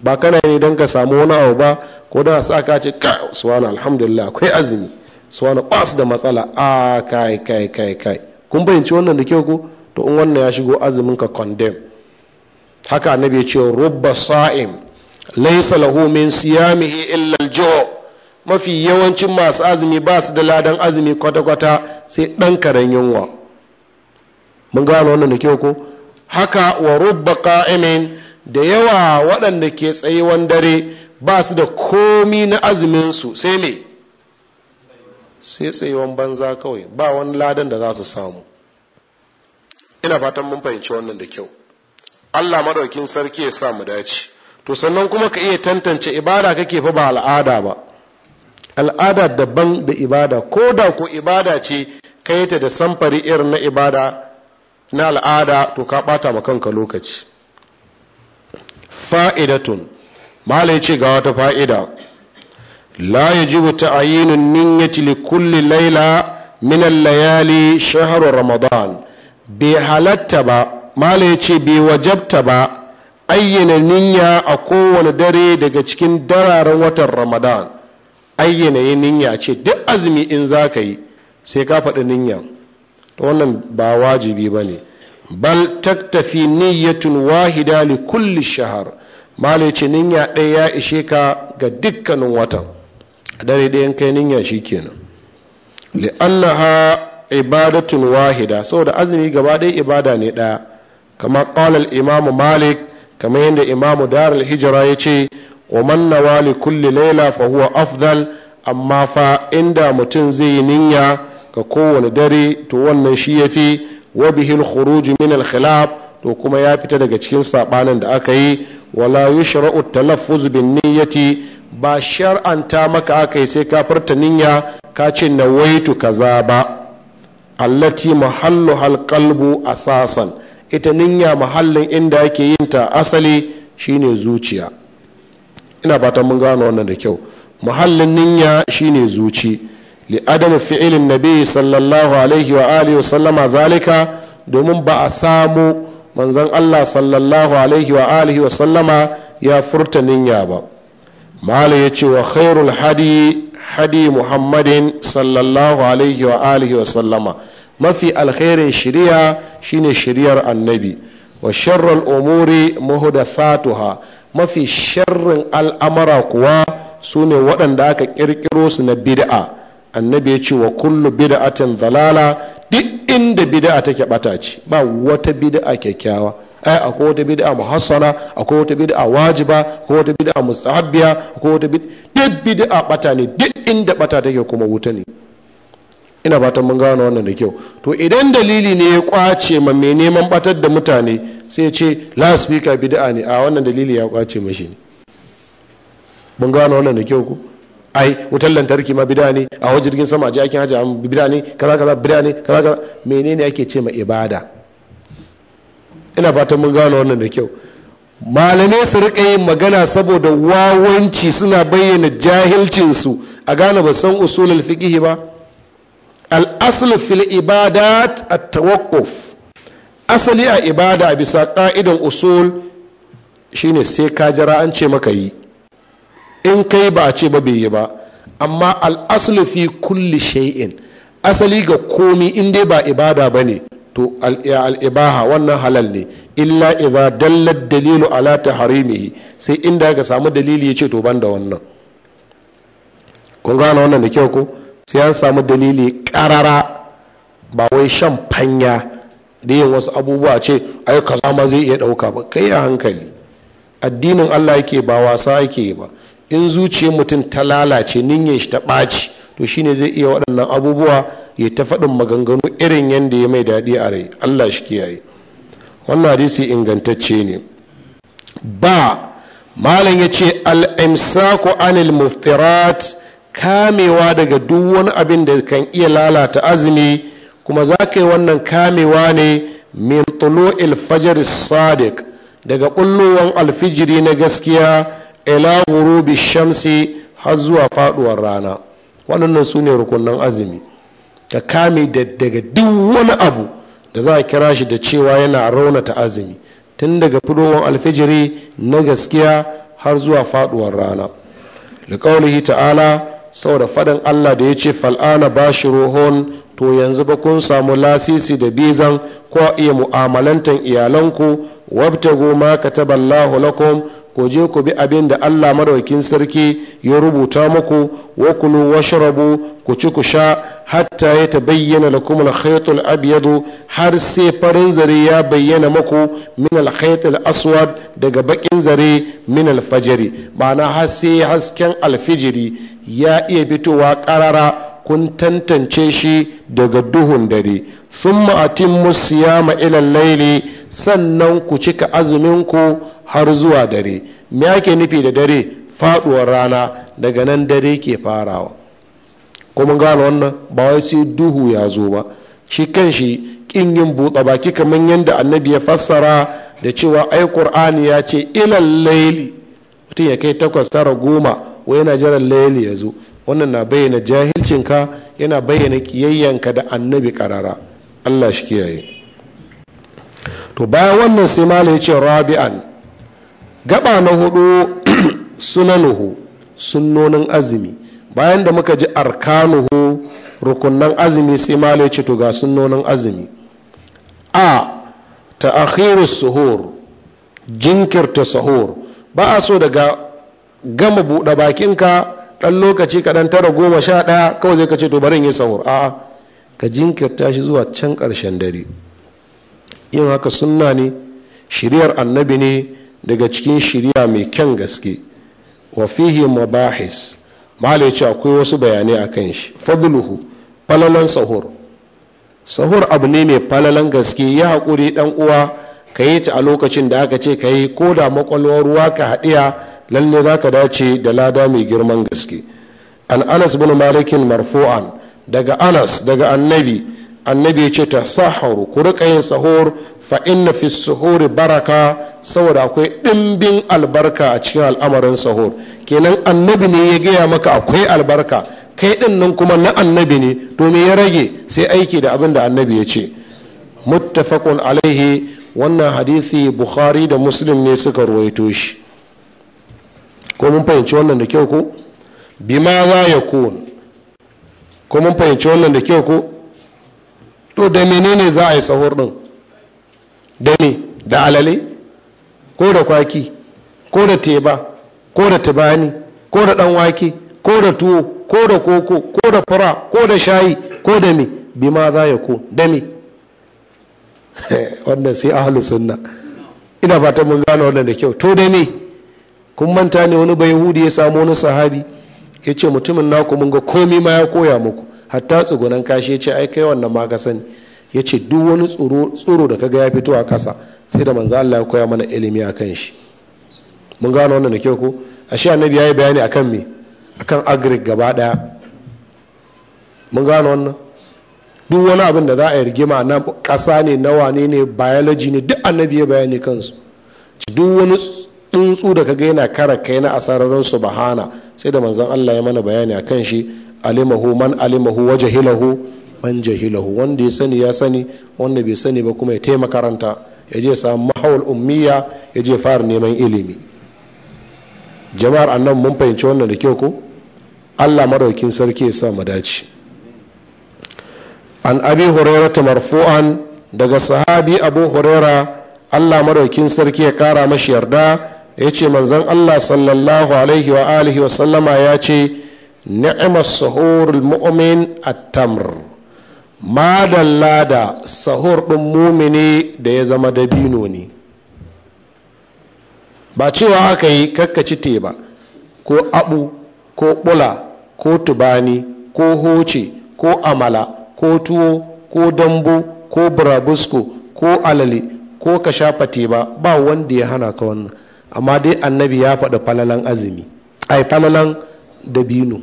S1: ba kana yi ne don ka samu wani abu ba ko don a sa ka ce ka suwana alhamdulillah akwai azumi suwana kwas da matsala a kai kai kai kai kun fahimci wannan da kyau ko to in wannan ya shigo azumin ka condemn haka na ya ce rubba sa'im laisa lahu min siyamihi illa al mafi yawancin masu azumi ba su da ladan azumi kwata-kwata sai ɗan karen yunwa mun gano wannan da kyau ko haka wa rubba qa'imin da yawa waɗanda ke tsayuwan dare ba su da komi na azuminsu sai me sai tsayuwan banza kawai ba wani ladan da za su samu ina fatan mun fahimci wannan da kyau Allah maɗaukin sarki ya sa mu dace to sannan kuma ka iya tantance ibada kake fa ba al'ada ba al'ada daban da ibada ko da ko ibada ce ka ta da samfari irin na ibada na al'ada to ka bata ma kanka lokaci fa'idatun malai ce ga wata fa'ida la yajibu ta'ayinun niyyati li kulli layla min al-layali shahru ramadan bi halatta ba mala ya ce bai wajabta ba ayyana niyya a kowane dare daga cikin dararen watan ramadan ayyana yi niyya ce duk azumi in za ka yi sai ka faɗi niyya ta wannan ba wajibi ba ne bal taktafi niyyatun wahida li kulli shahar mala ya ce niyya ɗaya ya ishe ka ga dukkanin watan A dare ɗayan kai niyya shi kenan li'annaha ibadatun wahida saboda azumi gaba ɗaya ibada ne ɗaya kama ƙalar imamu malik kama yadda imamu darul hijira ya ce wa manna wali kulli laila fa afdal amma fa inda mutum zai yi niyya ga kowane dare to wannan shi ya fi wa bihil khuruju min khilaf to kuma ya fita daga cikin saɓanin da aka yi wala yushra'u talaffuz bin niyyati ba shar'anta maka aka yi sai ka farta niyya ka ce nawaitu kaza ba allati mahallu a asasan ita ninya mahallin inda ake yin ta asali shine zuciya ina fatan mun gano wannan da kyau mahallin ninya shine zuci li adam fi'ilin nabi sallallahu alaihi wa alihi wa sallama zalika domin ba a samu manzon Allah sallallahu alaihi wa alihi wa sallama ya furta ninya ba mala ya ce wa khairul hadi hadi muhammadin sallallahu alaihi wa alihi wa sallama mafi alkhairin shiriya shine shiriyar annabi wa sharral umuri muhdathatuha mafi sharrin al'amara kuwa sune waɗanda aka ƙirƙiro su na bid'a annabi ya ce wa kullu bid'atin dalala duk inda bid'a take bata ce ba wata bid'a kyakkyawa ai akwai wata bid'a muhassana akwai wata bid'a wajiba akwai wata bid'a mustahabbiya akwai wata bid'a duk bid'a bata ne duk inda bata take kuma wuta ne ina fatan mun gano wannan da kyau to idan dalili ne ya kwace ma mai neman batar da mutane sai ce last a bid'a ne a wannan dalili ya kwace mashi ne mun gano wannan da kyau ku ai wutar lantarki ma bid'a ne a wajen jirgin sama a aikin hajji an bid'a ne kaza kaza bid'a ne kaza kaza menene ake ce ma ibada ina fatan mun gano wannan da kyau malamai su rika yin magana saboda wawanci suna bayyana jahilcinsu a gane ba san usulul fiqh ba al'asul fil ibada a tawakuf asali a ibada bisa ƙa'idan usul shine sai ka jira an ce maka yi in kai ba ce ba bai yi ba amma al'asul fi kulli shay'in asali ga komi in dai ba ibada ba ne to al'ibaha wannan halal ne illa iba dallar dalilu ala ta taharimihi sai inda ka samu dalili ya ce to ban da wannan kun gane wannan da kyau ko sai an samu dalili ƙarara ba wai shan fanya da yin wasu abubuwa ce ai kaza ma zai iya ɗauka ba kai a hankali addinin allah yake ba wasa yake ba in zuciyar mutum ta lalace ninyen shi ta ɓaci to shine zai iya waɗannan abubuwa ya ta faɗin maganganu irin yadda ya mai daɗi a rai allah shi kiyaye wannan hadisi ingantacce ne ba malam ya ce al-imsaku anil muftirat kamewa daga duk wani abin da kan iya lalata azumi kuma za ka yi wannan kamewa ne min tulo ilfajar sadiq daga ƙullowan alfijiri na gaskiya ila shamsi har zuwa faduwar rana waɗannan su ne rukunan azumi ka kame daga duk wani abu da za a kira shi da cewa yana raunata azumi tun daga fidowar alfijiri na gaskiya har zuwa faduwar rana da ta'ala saboda faɗin allah da ya ce fal'ana ba shi ruhun to yanzu ba kun samu lasisi da bizan ko iya mu'amalantar iyalanku wabtago ma kataballahu lakum ku je ku bi abin da Allah madaukin sarki ya rubuta muku wa kulu washrabu ku ci ku sha hatta ya tabayyana lakum al-khayt al-abyad har sai farin zare ya bayyana muku min al-khayt al-aswad daga bakin zare min al-fajri ma'ana har sai hasken alfijiri ya iya fitowa karara kun tantance shi daga duhun dare thumma atimmu siyama ila al-layli sannan ku cika ku. har zuwa dare me ake nufi da dare faduwar rana daga nan dare ke farawa kuma gano wannan ba wai sai duhu ya zo ba shi kan shi kin yin buɗe baki kamar yadda annabi ya fassara da cewa ai qur'ani ya ce ilal laili mutum ya kai takwas tara goma wai yana jiran laili ya zo wannan na bayyana jahilcinka yana bayyana kiyayyanka da annabi karara allah shi kiyaye to bayan wannan sai malai ya ce rabi'an gaba na hudu (clears throat) sunanuhu sunonin azumi bayan da muka ji arkanuhu rukunan azumi sai malai ce to ga sunonin azumi a ta ta'akhiru suhur jinkirta sahur ba a so daga gama buɗe bakinka ɗan lokaci kaɗan tara goma sha ɗaya kawai zai ka to barin yi sahur a ka jinkirta shi zuwa can ƙarshen dare yin haka sunna ne shiriyar annabi ne daga cikin shirya mai kyan gaske wa fihi mabahis mala ce akwai wasu bayanai a kan shi fadluhu falalan sahur sahur abu ne mai falalan gaske ya haƙuri ɗan uwa ka yi ta a lokacin da aka ce ka yi ko da makwalwar ruwa ka haɗiya lalle za ka dace da lada mai girman gaske an anas bin malikin marfu'an daga anas daga annabi annabi ya ce ta saharu ku riƙa yin sahur fa inna fi suhuri baraka saboda akwai ɗimbin albarka a cikin al'amarin sahur kenan annabi ne ya gaya maka akwai albarka kai ɗin nan kuma na annabi ne domin ya rage sai aiki da abin da annabi ya ce muttafaqun alaihi wannan hadithi bukhari da muslim ne suka ruwaito shi ko mun fahimci wannan da kyau ko bima za ya kun ko mun fahimci wannan da kyau ko to da menene za a yi sahur din da me da alale ko da kwaki ko da teba ko da tubani ko da dan wake ko da tuwo ko da koko ko da fura ko da shayi ko da me ma za ya ko da me (laughs) wannan sai ahlu sunna ina fatan mun gano wannan da kyau to da me kun manta ne wani hudu ya samu wani sahabi ya ce mutumin naku mun ga komai ma ya koya muku hatta tsugunan kashi ya ce ai kai wannan ma ka sani ya ce duk wani tsoro da kaga ya fito a kasa sai da manzo Allah ya koya mana ilimi a kan shi mun gano wannan da kyau ko ashe annabi ya yi bayani akan me akan agric gaba daya mun gano wannan duk wani abin da za a rigima na ƙasa ne na wane ne biology ne duk annabi ya bayani kansu duk wani tsuntsu da kaga yana kara kai na asararin subhana sai da manzon Allah ya mana bayani akan shi alimahu man alimahu wajahilahu man jahilahu wanda ya sani ya sani wanda bai sani ba kuma ya taimaka makaranta ya je samu mahawal ummiya ya je fara neman ilimi jama'ar annan mun fahimci wannan da kyau ko allah maraukin sarki ya sa mu dace an abi hurairata marfu'an daga sahabi abu huraira allah maraukin sarki ya kara mashi yarda ya ce manzan allah sallallahu alaihi wa alihi wa sallama ya ce ni'imar sahurul mu'min at-tamr madalla da sahur ɗin mumini da ya zama dabino ne ba cewa aka yi kakkaci te ba ko abu ko bula ko tubani ko hoce ko amala ko tuwo ko dambo ko burabusko ko alale ko ka shafa te ba ba wanda ya hana ka wannan amma dai annabi ya faɗa falalan azumi ai falalan dabino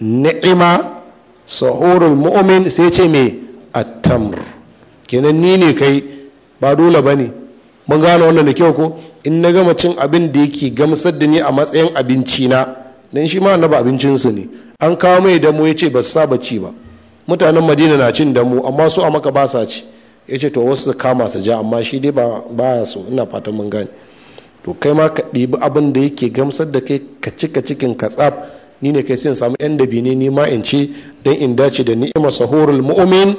S1: ni'ima sahurul mu'min sai ce me attamr kenan ni ne kai ba dole ba ne mun gane wannan da kyau ko in na gama cin abin da yake gamsar da ni a matsayin abinci na dan shi ma annaba abincinsu ne an kawo mai damu ya ce ba su saba ci ba mutanen madina na cin damu amma su a maka ba sa ci ya ce to wasu kama su ja amma shi dai ba ya so ina fatan mun gane to kai ma ka ɗibi abin da yake gamsar da kai ka cika cikin ka tsaf ni ne kai sai in samu yan dabine ni ma in ci don in dace da ni'imar sahurul mu'min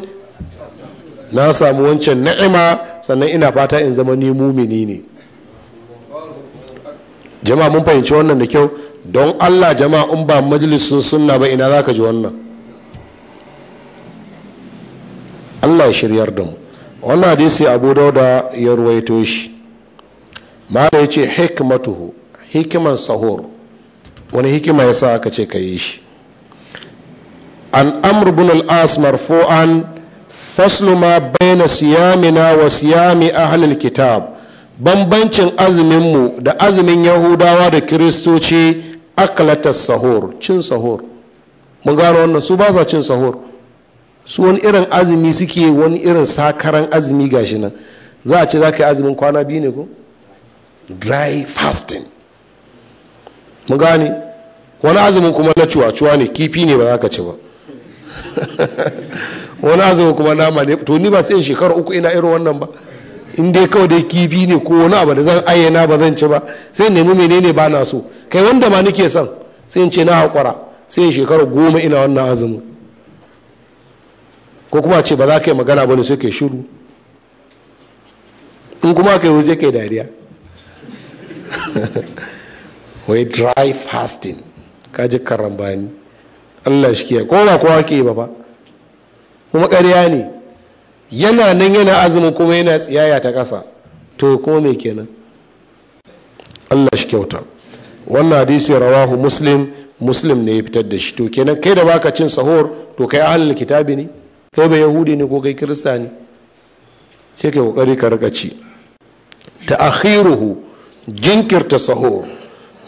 S1: na samu wancan ni'ima sannan ina fata in zama ni mumini ne jama'a mun fahimci wannan da kyau don allah jama'a in ba majalisun sunna ba ina zaka ji wannan allah ya shiryar da mu wannan hadisi abu dauda ya ruwaito shi ma da yace hikmatuhu hikiman sahur wani hikima ya sa aka ce ka yi shi an amr bin al'as marfu'an faslu ma baina siyamina wa siyami halin kitab bambancin azuminmu da azumin yahudawa da kiristoci aklatar sahur cin sahur mun gano wannan su ba sa cin sahur su wani irin azumi suke wani irin sakaran azumi gashi nan za a ce za ka yi azumin kwana biyu ne ko dry fasting mu gani wani azumin kuma na cuwa-cuwa ne kifi ne ba za ka ci ba (laughs) wani azumin kuma nama ne to ni ba sai shekara uku ina irin wannan ba in dai kawai dai kifi ne ko wani abu da zan ayyana ba zan ci ba sai nemi menene ba na so kai wanda ma nake son sai in ce na haƙura sai in shekara goma ina wannan azumin ko kuma ce ba za ka yi magana ba ne sai kai shiru in kuma kai wuce kai dariya (laughs) wai dry fasting kaji bani. allah shi ke ko kowa ke ba ba kuma ƙarya ne yana nan yana azumin kuma yana tsiyaya ta kasa. to kuma me kenan allah shi kyauta wannan hadisi rawahu muslim muslim ne ya fitar da shi to kenan kai da baka cin sahur to kai ahlul kitabi ne kai ba yahudi ne ko kai kirista ne sai kai kokari ka rika ci ta akhiruhu jinkirta sahur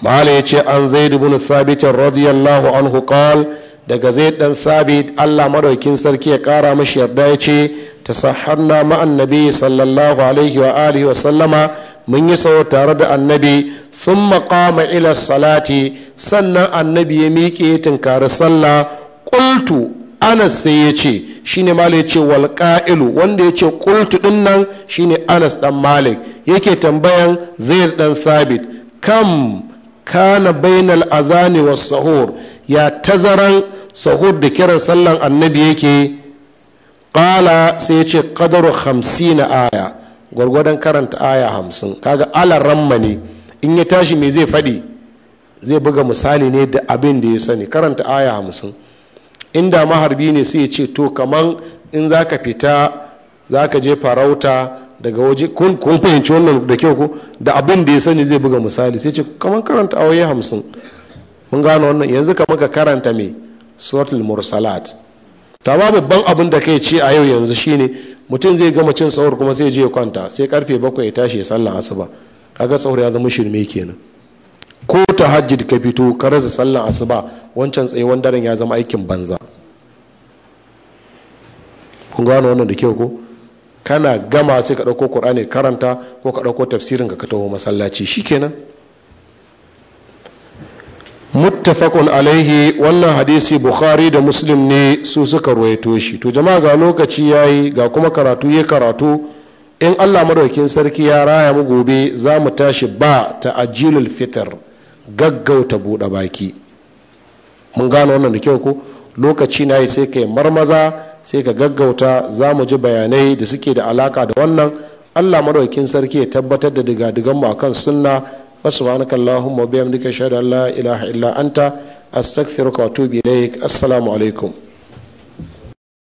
S1: mala ya ce an zaid ibn thabit radiyallahu anhu hukal daga zai dan sabit Allah madaukin sarki ya kara mashi yarda ya ce ta sahanna ma nabi sallallahu alaihi wa alihi wa sallama mun yi sau tare da annabi sun qama ila salati sannan annabi ya miƙe tunkari sallah ƙultu anas sai ya ce shine malik ya ce wal wanda ya ce kultu din nan shine anas dan malik yake tambayan zai dan sabit kam kana bainal azani was sahur ya tazaran sahur da kiran sallan annabi yake Ƙala sai ya ce qadaru 50 aya gwargwadon karanta aya hamsin kaga ramma ne in ya tashi me zai faɗi zai buga misali ne da abin da ya sani karanta aya hamsin inda maharbi ne sai ya ce to kaman in za ka fita za ka je farauta daga waje kun fahimci wannan da kyau ko da abin da ya sani zai buga misali sai ce kamar karanta awaye hamsin mun gano wannan yanzu kamar ka karanta mai suratul mursalat ta ba babban abin da kai ce a yau yanzu shine mutum zai gama cin sahur kuma sai je kwanta sai karfe bakwai ya tashi ya sallan asuba kaga sahur ya zama shirme kenan ko ta hajji ka fito ka rasa sallar asuba wancan tsayuwan daren ya zama aikin banza kun gano wannan da kyau ko kana gama sai ka ɗauko ƙur'ani karanta ko ka ɗauko tafsirin ka taho masallaci shi shikenan muttafaqun alaihi wannan hadisi bukhari da muslim ne su suka ruwaito shi to jama'a ga lokaci yayi ga kuma karatu ya karatu in allah madaukin sarki ya raya mu gobe za mu tashi ba ta ajilul fitar gaggauta buɗe baki mun gano wannan da kyau ko lokaci na yi sai ka yi marmaza sai ka gaggauta za mu ji bayanai da suke da alaka da wannan allah madaukin sarki ya tabbatar da digadigan mu akan sunna wasubhanaka allahumma bihamdika shahada la ilaha illa anta astaghfiruka wa atubu ilaik assalamu alaikum